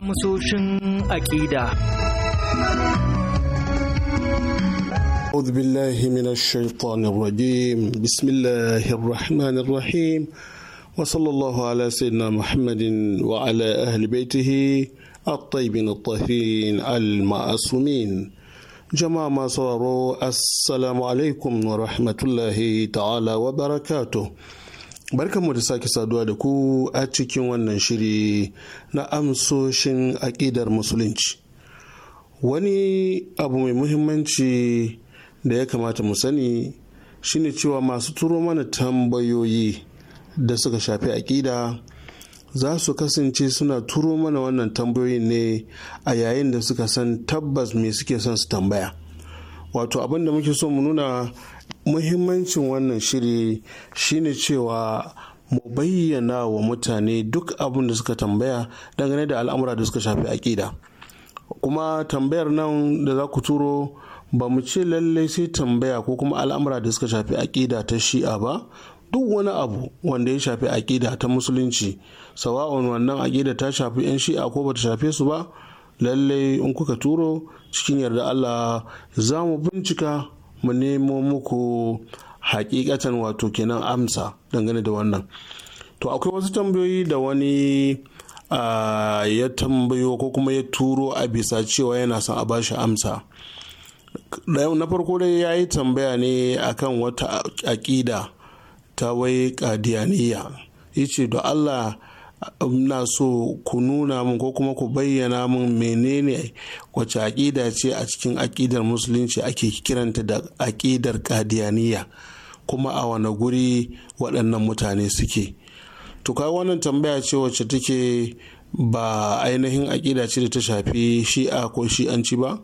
Amsoshin akida. أعوذ بالله من الشيطان الرجيم بسم الله الرحمن الرحيم وصلى الله على سيدنا محمد وعلى أهل بيته الطيبين الطاهرين المعصومين Jama'a masu sauraro Assalamu alaikum wa rahmatullahi ta'ala wa barakato Barkanmu da sake saduwa da ku a cikin wannan shiri na amsoshin aƙidar musulunci. Wani abu mai muhimmanci da ya kamata mu sani shine cewa masu turo mana tambayoyi da suka shafi aƙida za su kasance suna turo mana wannan tambayoyin ne a yayin da suka san tabbas me suke son su tambaya wato abin da muke so mu nuna muhimmancin wannan shiri shine cewa mu bayyana wa mutane duk abin da suka tambaya dangane da al'amura da suka shafi aƙida kuma tambayar nan da za ku turo ba mu ce lallai sai tambaya ko kuma al'amura da suka shafi aƙida ta shi'a ba duk wani abu wanda ya shafi aƙida ta musulunci sawa'un wannan aƙida ta shafi 'yan shi'a ko bata shafe su ba lallai in kuka turo cikin yarda Allah za mu bincika mu nemo muku hakikatan wato kenan amsa dangane da wannan to akwai wasu tambayoyi da wani ya tambayo ko kuma ya turo a bisa cewa yana son a bashi amsa na farko dai ya yi tambaya ne akan wata aƙida ta wai kadiyaniya yace da Allah na so ku nuna min ko kuma ku bayyana min menene wace aƙida ce a cikin aƙidar musulunci ake kiranta da aƙidar kadiyaniya kuma a wane guri waɗannan mutane suke to kai wannan tambaya ce wacce take ba ainihin aƙida ce da ta shafi shi'a ko shi'anci ba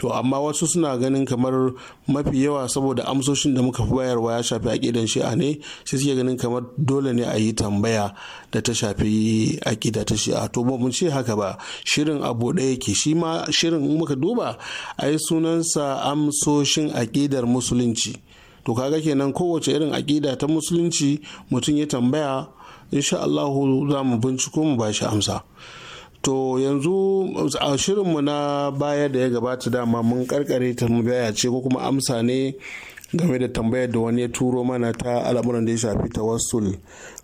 to amma wasu suna ganin kamar mafi yawa saboda amsoshin da muka fi bayarwa ya shafi aƙidan shi'a ne sai suke ganin kamar dole ne a yi tambaya da ta shafi aƙida ta shi'a to ba mun ce haka ba shirin abu ɗaya yake shi ma shirin muka duba ai sunansa amsoshin aƙidar musulunci to kaga kenan kowace irin aƙida ta musulunci mutum ya tambaya insha Allahu za mu binciko mu ba shi amsa to yanzu a shirinmu na baya da ya gabata dama mun karkare tambaya ce ko kuma amsa ne game da tambayar da wani ya turo mana ta al'amuran da ya shafi tawassul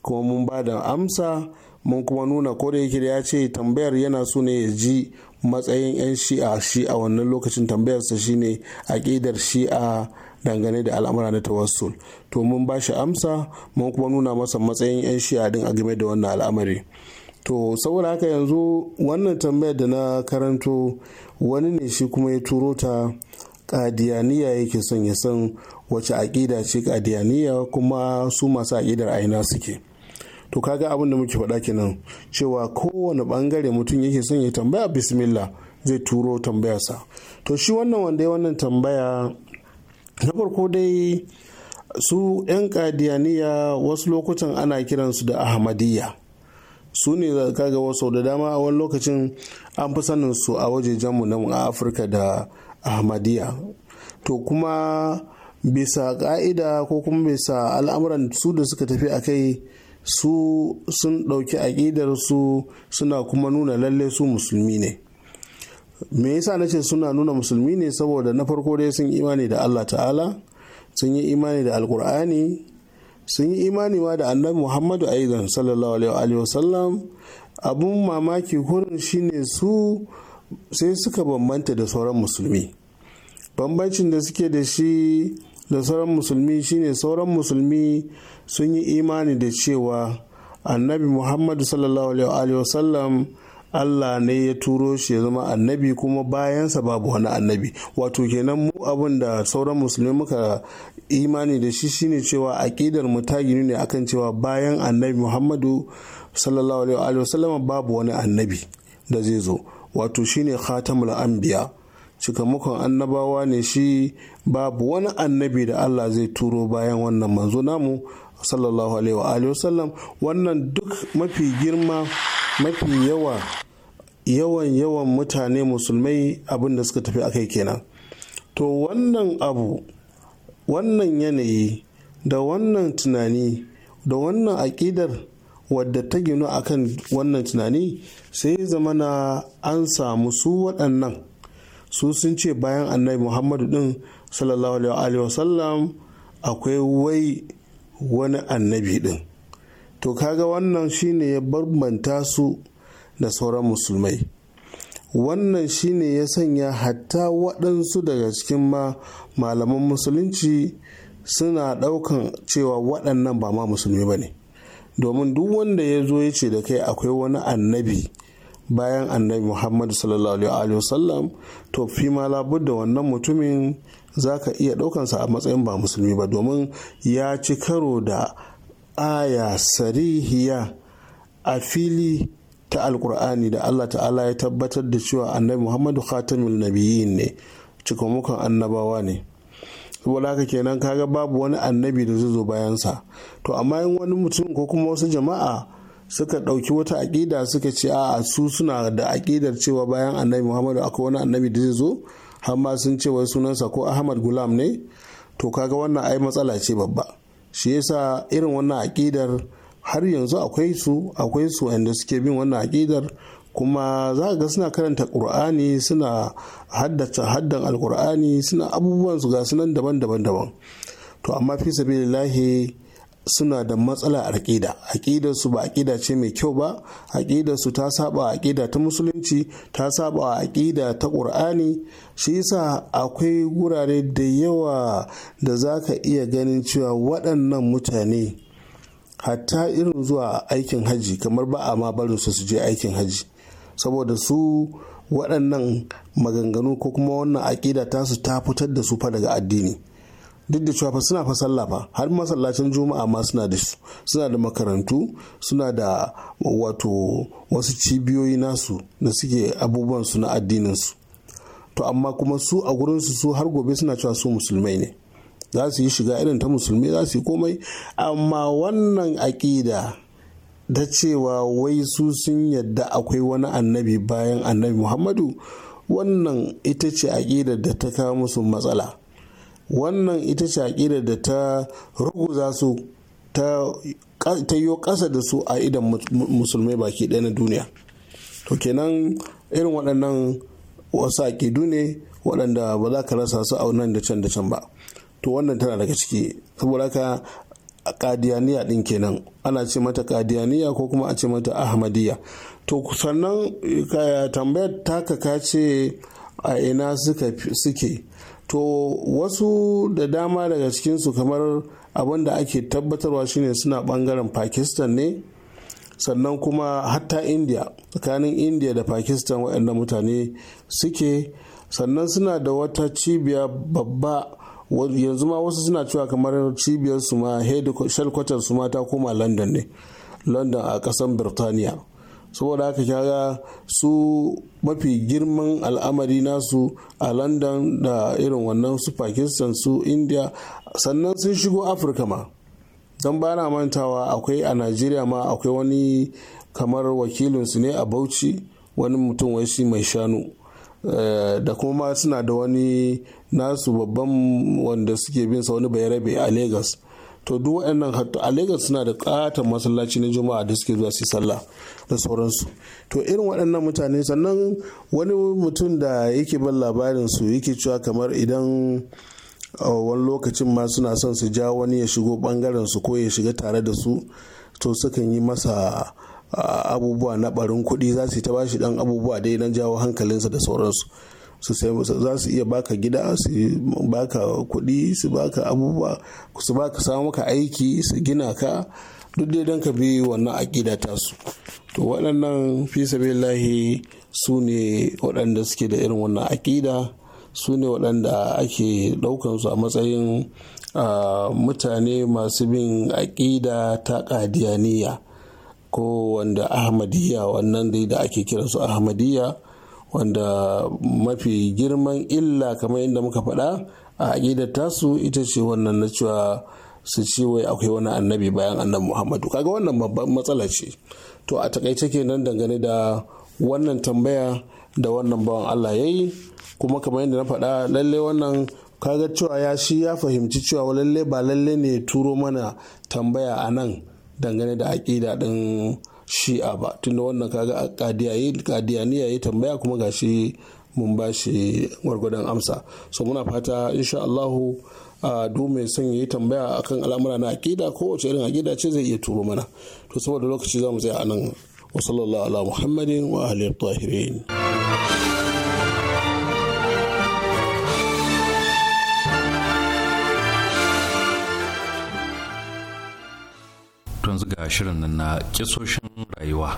kuma mun ba da amsa mun kuma nuna ko da yake ya ce tambayar yana so ne ya ji matsayin 'yan shi'a shi a wannan lokacin tambayarsa shine aƙidar shi'a dangane da al'amura na tawassul to mun ba shi amsa mun kuma nuna masa matsayin 'yan shi'a din a game da wannan al'amari to saboda haka yanzu wannan tambayar da na karanto wani ne shi kuma ya turo ta kadiyaniya yake son ya san wace aƙida ce kadiyaniya kuma su masu aƙidar aina suke to kaga abin da muke faɗa kenan cewa kowane ɓangare mutum yake son ya tambaya bismillah zai turo tambayarsa to shi wannan wanda ya wannan tambaya na farko dai su 'yan kadiyaniya wasu lokutan ana kiransu da ahmadiyya su ne kaga wasu da dama a wani lokacin an fi sanin su a wajejenmu na a afirka da ahmadiyya to kuma bisa ka'ida ko kuma bisa al'amuran su da suka tafi a kai su sun ɗauki aƙidar su suna kuma nuna lalle su musulmi ne me yasa na ce suna nuna musulmi ne saboda na farko dai sun imani da allah ta'ala sun yi imani da alkur'ani sun yi imani ma da annabi muhammadu aizan sallallahu alaihi wasallam abun mamaki hurin shine su sai suka bambanta da sauran musulmi bambancin da suke da shi da sauran musulmi shine sauran musulmi sun yi imani da cewa annabi muhammadu sallallahu alaihi wasallam Allah ne ya turo shi ya zama annabi kuma bayansa babu wani annabi wato kenan mu abin da sauran musulmi muka imani da shi shine cewa aƙidar mu ta ginu ne akan cewa bayan annabi Muhammadu sallallahu alaihi wasallam babu wani annabi da zai zo wato shine khatamul anbiya cikamakon annabawa ne shi babu wani annabi da Allah zai turo bayan wannan manzo namu sallallahu alaihi wasallam wannan duk mafi girma mafi yawa yawan yawan mutane musulmai abinda suka tafi akai kenan to wannan abu wannan yanayi da wannan tunani da wannan aƙidar wadda ta ginu kan wannan tunani sai zamana an samu su waɗannan su sun ce bayan annabi muhammadu ɗin sallallahu alaihi wasallam akwai wai wani annabi ɗin to kaga wannan shine ya bambanta su da sauran musulmai wannan shine ya sanya hatta waɗansu daga cikin ma malaman musulunci suna ɗaukan cewa waɗannan ba ma musulmi ba ne domin duk wanda ya zo ya ce da kai akwai wani annabi bayan annabi muhammadu sallallahu alaihi wasallam to fi ma da wannan mutumin za ka iya ɗaukansa a matsayin ba musulmi ba domin ya ci karo da aya sarihiya a fili ta alkur'ani da allah ta'ala ya tabbatar da cewa annabi muhammadu khatamin nabiyyin ne cikamukan annabawa ne saboda haka kenan kaga babu wani annabi da zai zo bayansa to amma yin wani mutum ko kuma wasu jama'a suka ɗauki wata aƙida suka ce a su suna da aƙidar cewa bayan annabi muhammadu akwai wani annabi da zai zo har ma sun ce wai sunansa ko ahmad gulam ne to kaga wannan ai matsala ce babba shi yasa irin wannan aƙidar har yanzu akwai su akwai su wanda suke bin wannan aƙidar kuma za ga suna karanta ƙur'ani suna haddace haddan alƙur'ani suna abubuwan su ga sunan daban-daban daban to amma fi sabilillahi suna da matsala a aqida aƙidar su ba aƙida ce mai kyau ba aƙidar su ta saba aƙida ta musulunci ta saba aƙida ta ƙur'ani shi yasa akwai wurare da yawa da zaka iya ganin cewa waɗannan mutane hatta irin zuwa aikin hajji kamar ba a ma barin su je aikin hajji saboda su waɗannan maganganu ko kuma wannan aƙida su ta fitar da su fa daga addini duk da cewa suna fa sallah fa har masallacin juma'a ma suna da su suna da makarantu suna da wato wasu cibiyoyi nasu da suke abubuwan su na addinin su to amma kuma su a gurin su su har gobe suna cewa su musulmai ne za su yi shiga irin ta musulmi za su yi komai amma wannan aƙida da cewa wai su sun yadda akwai wani annabi bayan annabi muhammadu wannan ita ce aƙida da ta kawo musu matsala wannan ita ce aƙida da ta ruguza su ta yi ƙasa da su a idan musulmai baki ɗaya na duniya to kenan irin waɗannan wasu aƙidu ne waɗanda ba za ka rasa su a nan da can da can ba to wannan tana daga ciki saboda haka kadiyaniya din kenan ana ce mata kadiyaniya ko kuma a ce mata ahmadiyya to sannan tambayar taka ka ce a ina suke to wasu da dama daga cikinsu kamar abin da ake tabbatarwa shine suna bangaren pakistan ne sannan kuma hatta india tsakanin india da pakistan waɗanda mutane suke sannan suna da wata cibiya babba yanzu ma wasu suna cewa kamar cibiyar su ma headquarter su ma ta koma london ne london a kasan birtaniya saboda haka kaga su mafi girman al'amari nasu a london da irin wannan su pakistan su india sannan sun shigo afirka ma don bana mantawa akwai a najeriya ma akwai wani kamar wakilinsu ne a bauchi wani mutum wai shi mai shanu eh, da kuma suna da wani nasu babban wanda suke bin sa wani bayarabe a lagos to duk waɗannan hatta a lagos suna da ƙaton masallaci na juma'a da suke zuwa su sallah da sauransu to irin waɗannan mutane sannan wani mutum da yake ban labarin su yake cewa kamar idan wani lokacin ma suna son su ja wani ya shigo bangaren su ko ya shiga tare da su to sukan yi masa abubuwa na barin kuɗi za su ta bashi dan abubuwa dai don jawo hankalinsa da sauransu su sai za su iya baka gida su baka kuɗi su baka abubuwa su baka samu maka aiki su gina ka duk dai don ka bi wannan aƙida su to waɗannan fi lahi su ne waɗanda suke da irin wannan aƙida su ne waɗanda ake ɗaukan su a matsayin mutane masu bin aƙida ta ƙadiyaniya ko wanda ahmadiyya wannan dai da ake kiransu ahmadiyya wanda mafi girman illa kamar inda muka faɗa a aƙidar tasu ita ce wannan na cewa su ce wai akwai wani annabi bayan annabi muhammadu kaga wannan babban matsala ce to a takaice kenan dangane da wannan tambaya da wannan bawan allah ya yi kuma kamar yadda na faɗa lalle wannan kaga cewa ya shi ya fahimci cewa lalle ba lalle ne turo mana tambaya a nan dangane da aƙida ɗin shi'a ba tunda wannan kaga kadiyaniya ya tambaya kuma gashi mun ba shi gwargwadon amsa so muna fata insha Allahu a mai son yi tambaya akan al'amura na akida kowace irin akida ce zai iya turo mana to saboda lokaci za mu tsaya anan wa sallallahu ala muhammadin wa ahli tahirin to yanzu shirin nan na kisoshin rayuwa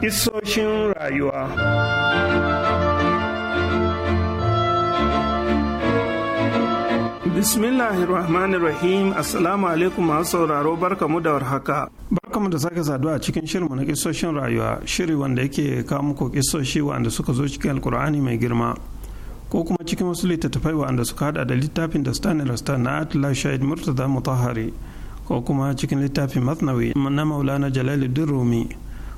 Kisoshin rayuwa Bismillahirrahmanirrahim Assalamu alaikum masu sauraro barkamu da warhaka. barkamu da sake saduwa a cikin shirinmu na kisoshin rayuwa shiri wanda yake kawo muku kisoshi wanda suka zo cikin alkur'ani mai girma ko kuma cikin wasu littattafai wanda suka hada da littafin da stanley rastan na atla shahid murtaza mutahari ko kuma cikin littafin masnawi na maulana jalaluddin rumi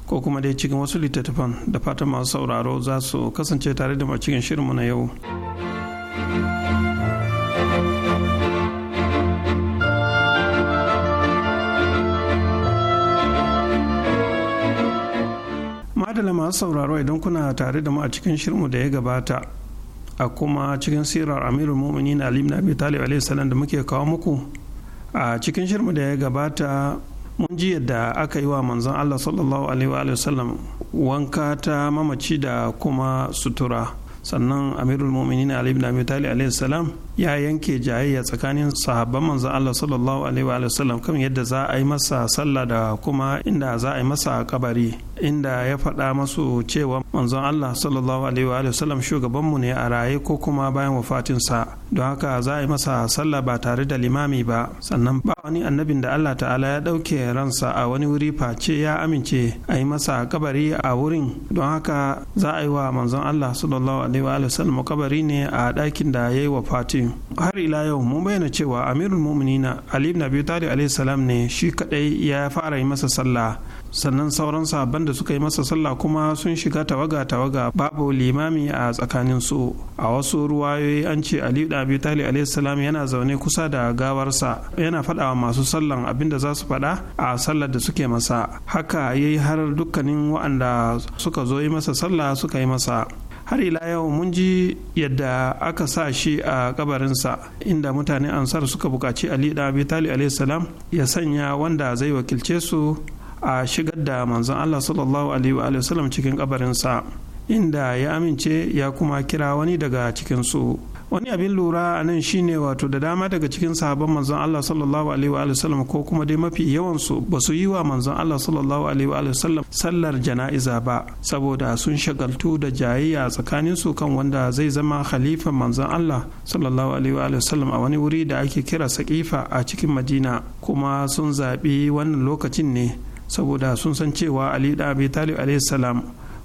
ko kuma dai cikin wasu littattafan da fatan masu sauraro za su kasance tare da mu cikin mu na yau. madala masu sauraro idan kuna tare da mu a cikin shirmu da ya gabata a kuma cikin sirar amiru mumini na alim na bitali salam da muke kawo muku a cikin shirmu da ya gabata mun ji yadda aka yi wa manzon Allah sallallahu alaihi wa sallam wanka ta mamaci da kuma sutura sannan amirul mumini na alim na bitali salam ya yanke jayayya tsakanin sahabban manzon Allah sallallahu alaihi wa sallam kan yadda za a yi masa sallah da kuma inda za a yi masa kabari inda ya faɗa masu cewa manzon Allah sallallahu alaihi wa sallam shugabanmu ne a raye ko kuma bayan sa don haka za a yi masa sallah ba tare da limami ba sannan ba wani annabin da Allah ta'ala ya dauke ransa a wani wuri face ya amince a yi masa kabari a wurin don haka za a yi wa manzon Allah sallallahu alaihi wa sallam kabari ne a ɗakin da ya yi wafatin har ila yau mun bayyana cewa amirul muminina ali ibn abi talib alayhi salam ne shi kadai ya fara yi masa sallah sannan sauran sahabban da suka yi masa sallah kuma sun shiga tawaga tawaga babu limami a tsakanin su a wasu ruwayoyi an ce ali ibn abi talib alayhi salam yana zaune kusa da gawarsa yana fada wa masu sallan abin da za su faɗa a sallar da suke masa haka yayi har dukkanin waɗanda suka zo yi masa sallah suka yi masa har ila yau mun ji yadda aka sa shi a kabarinsa inda mutane ansar suka bukaci ali da abi talib salam ya sanya wanda zai wakilce su a shigar da manzon allah sallallahu alaihi wa sallam cikin kabarinsa inda ya amince ya kuma kira wani daga cikinsu wani abin lura a nan shine wato da dama daga cikin sahabban manzon Allah sallallahu alaihi wa sallam ko kuma dai mafi yawan su ba su yi wa manzon Allah sallallahu alaihi wa sallam sallar jana'iza ba saboda sun shagaltu da jayayya tsakanin su kan wanda zai zama khalifan manzon Allah sallallahu alaihi wa sallam a wani wuri da ake kira Saqifa a cikin Madina kuma sun zabi wannan lokacin ne saboda sun san cewa Ali da Abi Talib alaihi salam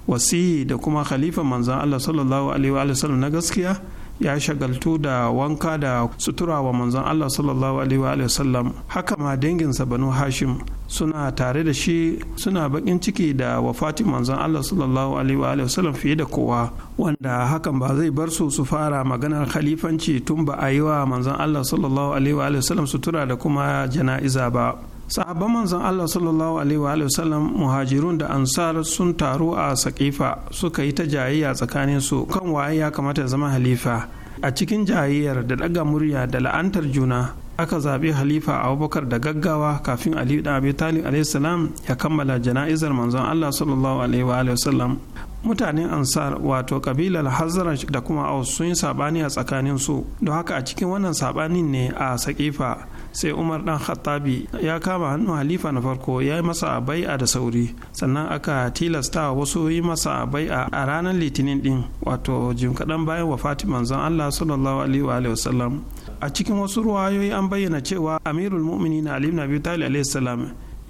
wasi da kuma khalifan manzon Allah sallallahu alaihi wa sallam na gaskiya ya shagaltu da wanka da sutura wa manzon Allah sallallahu alaihi wa sallam haka ma danginsa banu hashim suna tare da shi suna bakin ciki da wafatin manzon Allah sallallahu alaihi wa sallam fiye da kowa wanda hakan ba zai bar su su fara maganar khalifanci tun ba a yi wa manzon Allah sallallahu alaihi wa sallam sutura da kuma jana'iza ba sahabban manzon Allah sallallahu alaihi wa sallam muhajirun da ansar sun taru a sakifa suka yi ta jayayya tsakanin su kan waye ya kamata ya zama halifa a cikin jayayyar da daga murya da la'antar juna aka zaɓi halifa abubakar da gaggawa kafin ali da abi talib salam ya kammala jana'izar manzon allah sallallahu alaihi wa sallam mutanen ansar wato kabilar hazraj da kuma aus sun yi sabani a tsakanin su don haka a cikin wannan sabanin ne a sakifa sai umar dan khattabi ya kama hannu halifa na farko ya yi masa bai'a da sauri sannan aka tilasta wasu yi masa bai'a a ranar litinin din wato jim kaɗan bayan fatima manzon allah sallallahu alaihi wa sallam a cikin wasu ruwayoyi an bayyana cewa amirul mu'mini na alim na biyu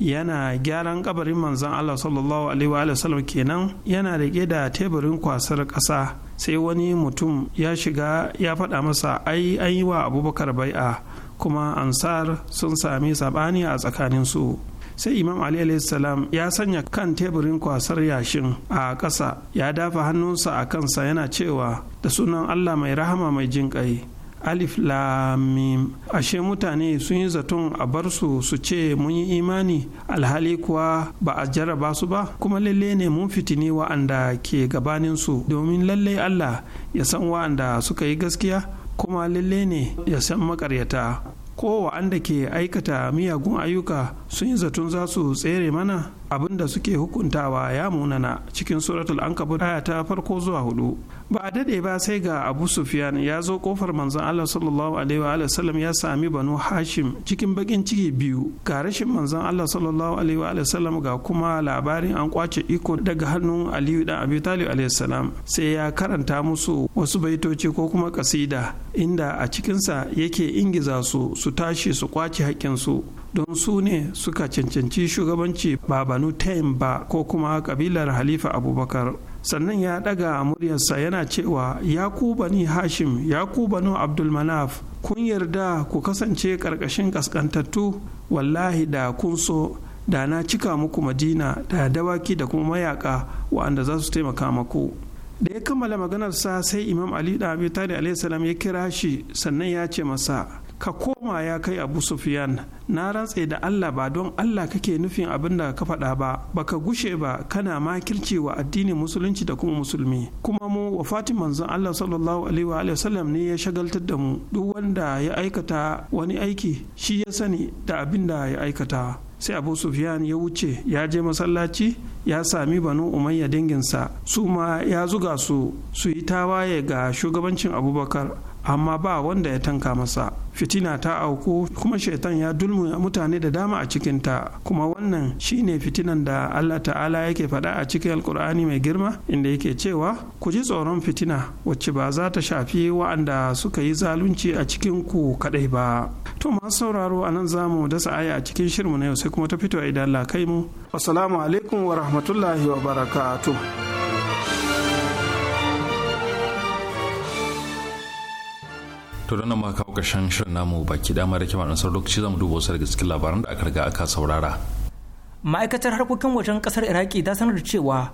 yana gyaran kabarin manzon Allah sallallahu alaihi wa wasallam kenan yana rike da teburin kwasar ƙasa sai wani mutum ya shiga ya faɗa masa ai an yi wa abubakar bai'a kuma ansar sun sami sabani a tsakaninsu sai imam ali salam ya sanya kan teburin kwasar yashin a ƙasa ya dafa hannunsa a kansa yana cewa da sunan allah mai rahama mai jin ƙai alif lamim ashe mutane sun yi zaton a bar su su ce mun yi imani alhali kuwa ba a jarraba su ba kuma lalle ne mun fitini wa'anda ke gabaninsu? domin lalle allah ya san wa'anda suka yi gaskiya kuma lalle ne ya san makaryata ko wa'anda ke aikata miyagun ayyuka sun yi zaton za su tsere mana da suke hukuntawa ya munana cikin suratul ankabut aya ta farko zuwa hudu ba a dade ba sai ga abu sufyan ya zo kofar manzon allah sallallahu alaihi wa sallam ya sami banu hashim cikin bakin ciki biyu ga rashin manzon allah sallallahu alaihi wa sallam ga kuma labarin an kwace iko daga hannun aliyu dan abi talib alaihi salam sai ya karanta musu wasu baitoci ko kuma kasida inda a cikinsa yake ingiza su su tashi su kwace haƙƙinsu don su ne suka cancanci shugabanci ba banu ba ko kuma kabilar halifa abubakar sannan ya daga muryarsa yana cewa ya ku hashim ya ku banu abdulmanaf kun yarda ku kasance karkashin kaskantattu wallahi da kun so da na cika muku madina da dawaki da kuma mayaka wa'anda za su taimaka maku da ya kammala maganarsa sai imam ali da abi ya kira shi sannan ya ce masa ka koma ya kai abu Sufiyan na rantse da allah ba don allah kake nufin abin da ka faɗa ba baka gushe ba kana makirci wa addinin musulunci da kuma musulmi kuma mu wa manzon allah sallallahu alaihi wa sallam ne ya shagaltar da mu duk wanda ya aikata wani aiki shi ya sani da abin da ya aikata sai abu Sufiyan ya wuce ya je masallaci ya sami banu umayya danginsa su ma ya zuga su su yi tawaye ga shugabancin abubakar amma ba wanda ya tanka masa fitina ta auku kuma shaitan ya dulmu mutane da dama a cikinta kuma wannan shine fitinan da Allah ta'ala yake faɗa a cikin alkur'ani mai girma inda yake cewa ku ji tsoron fitina wacce ba za ta shafi wa'anda suka yi zalunci a cikin ku kadai ba to masu sauraro a nan zamu dasa aya a cikin shirmu na yau sai kuma ta fito idan Allah kai mu assalamu alaikum wa rahmatullahi wa barakatuh to da ma kawo ƙarshen shirin namu baki damar da kyamar nasarar lokaci zamu duba wasu daga cikin labaran da aka riga aka saurara ma'aikatar harkokin wajen kasar iraki ta sanar da cewa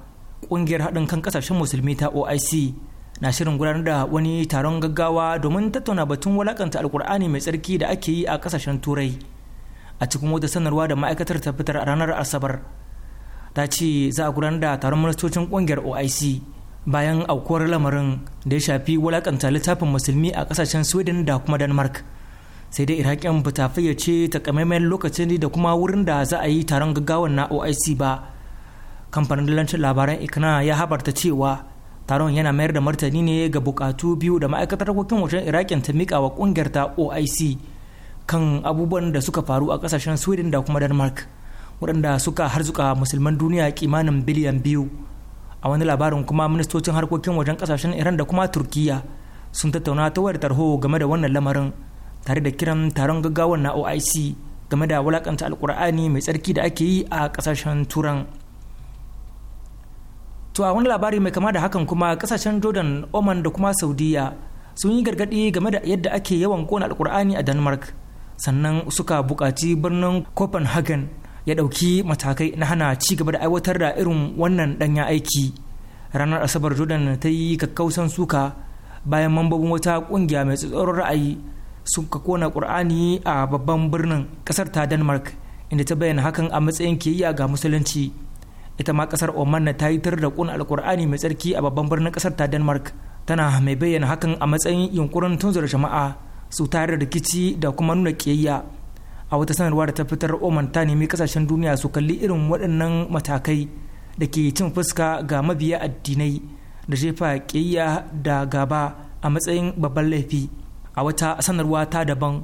kungiyar haɗin kan kasashen musulmi ta oic na shirin gudanar da wani taron gaggawa domin tattauna batun walakanta alkur'ani mai tsarki da ake yi a kasashen turai a cikin wata sanarwa da ma'aikatar ta fitar a ranar asabar ta ce za a gudanar da taron ministocin kungiyar oic bayan aukuwar lamarin da ya shafi walakanta littafin musulmi a kasashen sweden da kuma denmark sai dai iraƙin ba ya fayyace takamaiman lokacin da kuma wurin da za a yi taron gaggawan na oic ba kamfanin dalancin labaran ikna ya habarta cewa taron yana mayar da martani ne ga bukatu biyu da ma'aikatar harkokin wajen iraƙin ta mika wa ƙungiyar ta oic kan abubuwan da suka faru a kasashen sweden da kuma denmark waɗanda suka harzuka musulman duniya kimanin biliyan biyu a wani labarin kuma ministocin harkokin wajen kasashen iran da kuma turkiya sun tattauna ta wayar tarho game da wannan lamarin tare da kiran taron gaggawar na oic game da wulakanta alkur'ani mai tsarki da ake yi a kasashen turan to a wani labari mai kama da hakan kuma kasashen jordan oman da kuma saudiya sun yi gargadi game da yadda ake yawan kona alkur'ani a denmark sannan suka buƙaci birnin copenhagen ya ɗauki matakai na hana ci gaba da aiwatar da irin wannan ɗanya aiki ranar asabar jordan ta yi kakkausan suka bayan mambobin wata ƙungiya mai tsatsauran ra'ayi ka kona ƙur'ani a babban birnin ƙasar ta denmark inda ta bayyana hakan a matsayin kiyayya ga musulunci ita ma ƙasar oman ta yi tar da ƙuna alƙur'ani mai tsarki a babban birnin ƙasar ta denmark tana mai bayyana hakan a matsayin yunkurin tunzura jama'a su tare da rikici da kuma nuna kiyayya a wata sanarwa da ta fitar oman ta nemi kasashen duniya su kalli irin waɗannan matakai da ke cin fuska ga mabiya addinai da jefa ƙiyya da gaba a matsayin babban laifi a wata sanarwa ta daban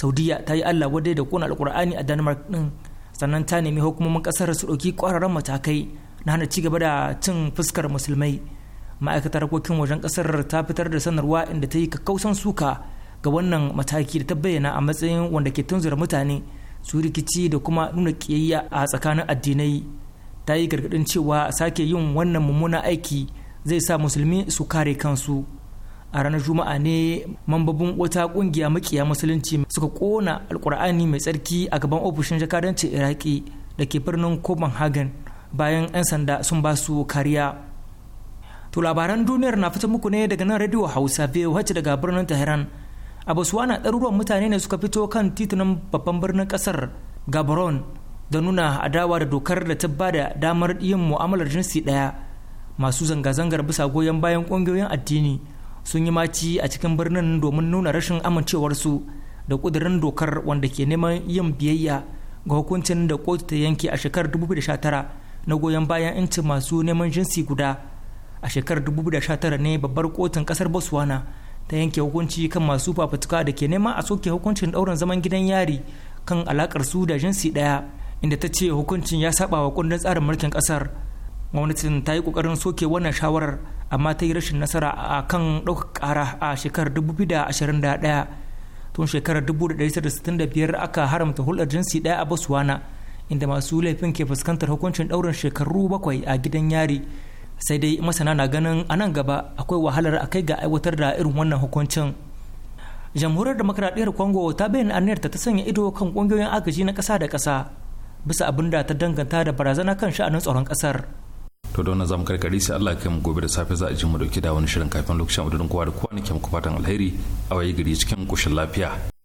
saudiya ta yi allah wadai da kuna alkur'ani a denmark din sannan ta nemi hukumomin kasar su ɗauki ƙwararren matakai na hana ci gaba da cin fuskar musulmai ma'aikatar harkokin wajen kasar ta fitar da sanarwa inda ta yi kakkausan suka ga wannan mataki da ta bayyana a matsayin wanda ke tunzura mutane su rikici da kuma nuna kiyayya a tsakanin addinai ta yi gargaɗin cewa sake yin wannan mummunan aiki zai sa musulmi su kare kansu a ranar juma'a ne mambobin wata kungiya makiya musulunci suka kona alkur'ani mai tsarki a gaban ofishin jakadancin iraki da ke birnin copenhagen bayan 'yan sanda sun ba su kariya to labaran duniyar na fita muku ne daga nan radio hausa biyu wacce daga birnin tehran a botswana ɗaruruwan mutane ne suka fito kan titunan babban birnin ƙasar gabron da nuna adawa da dokar da ta bada damar yin mu'amalar jinsi ɗaya masu zanga-zangar bisa goyon bayan ƙungiyoyin addini sun yi maci a cikin birnin domin nuna rashin amincewarsu da ƙudurin dokar wanda ke neman yin biyayya ga hukuncin da kotu ta yanke a shekarar 2019 na goyon bayan inci masu neman jinsi guda a shekarar 2019 ne babbar kotun ƙasar botswana ta yanke hukunci kan masu fafutuka da ke neman a soke hukuncin ɗaurin zaman gidan yari kan alakar su da jinsi ɗaya inda ta ce hukuncin ya saba wa kundin tsarin mulkin ƙasar gwamnatin ta yi kokarin soke wannan shawarar amma ta yi rashin nasara a kan ɗaukar ƙara a shekarar 2021 tun shekarar 1965 aka haramta hulɗar jinsi ɗaya a botswana inda masu laifin ke fuskantar hukuncin ɗaurin shekaru bakwai a gidan yari sai dai masana na ganin a nan gaba akwai wahalar a kai ga aiwatar da irin wannan hukuncin jamhuriyar demokradiyyar congo ta bayyana aniyarta ta sanya ido kan kungiyoyin agaji na ƙasa da ƙasa bisa abin da ta danganta da barazana kan sha'anin tsaron ƙasar to da wannan zamu karkare sai Allah kai mu gobe da safe za a ji mu dauki da wani shirin kafin lokacin abudurin kowa da kowa ne ke muku fatan alheri a waye gari cikin kushin lafiya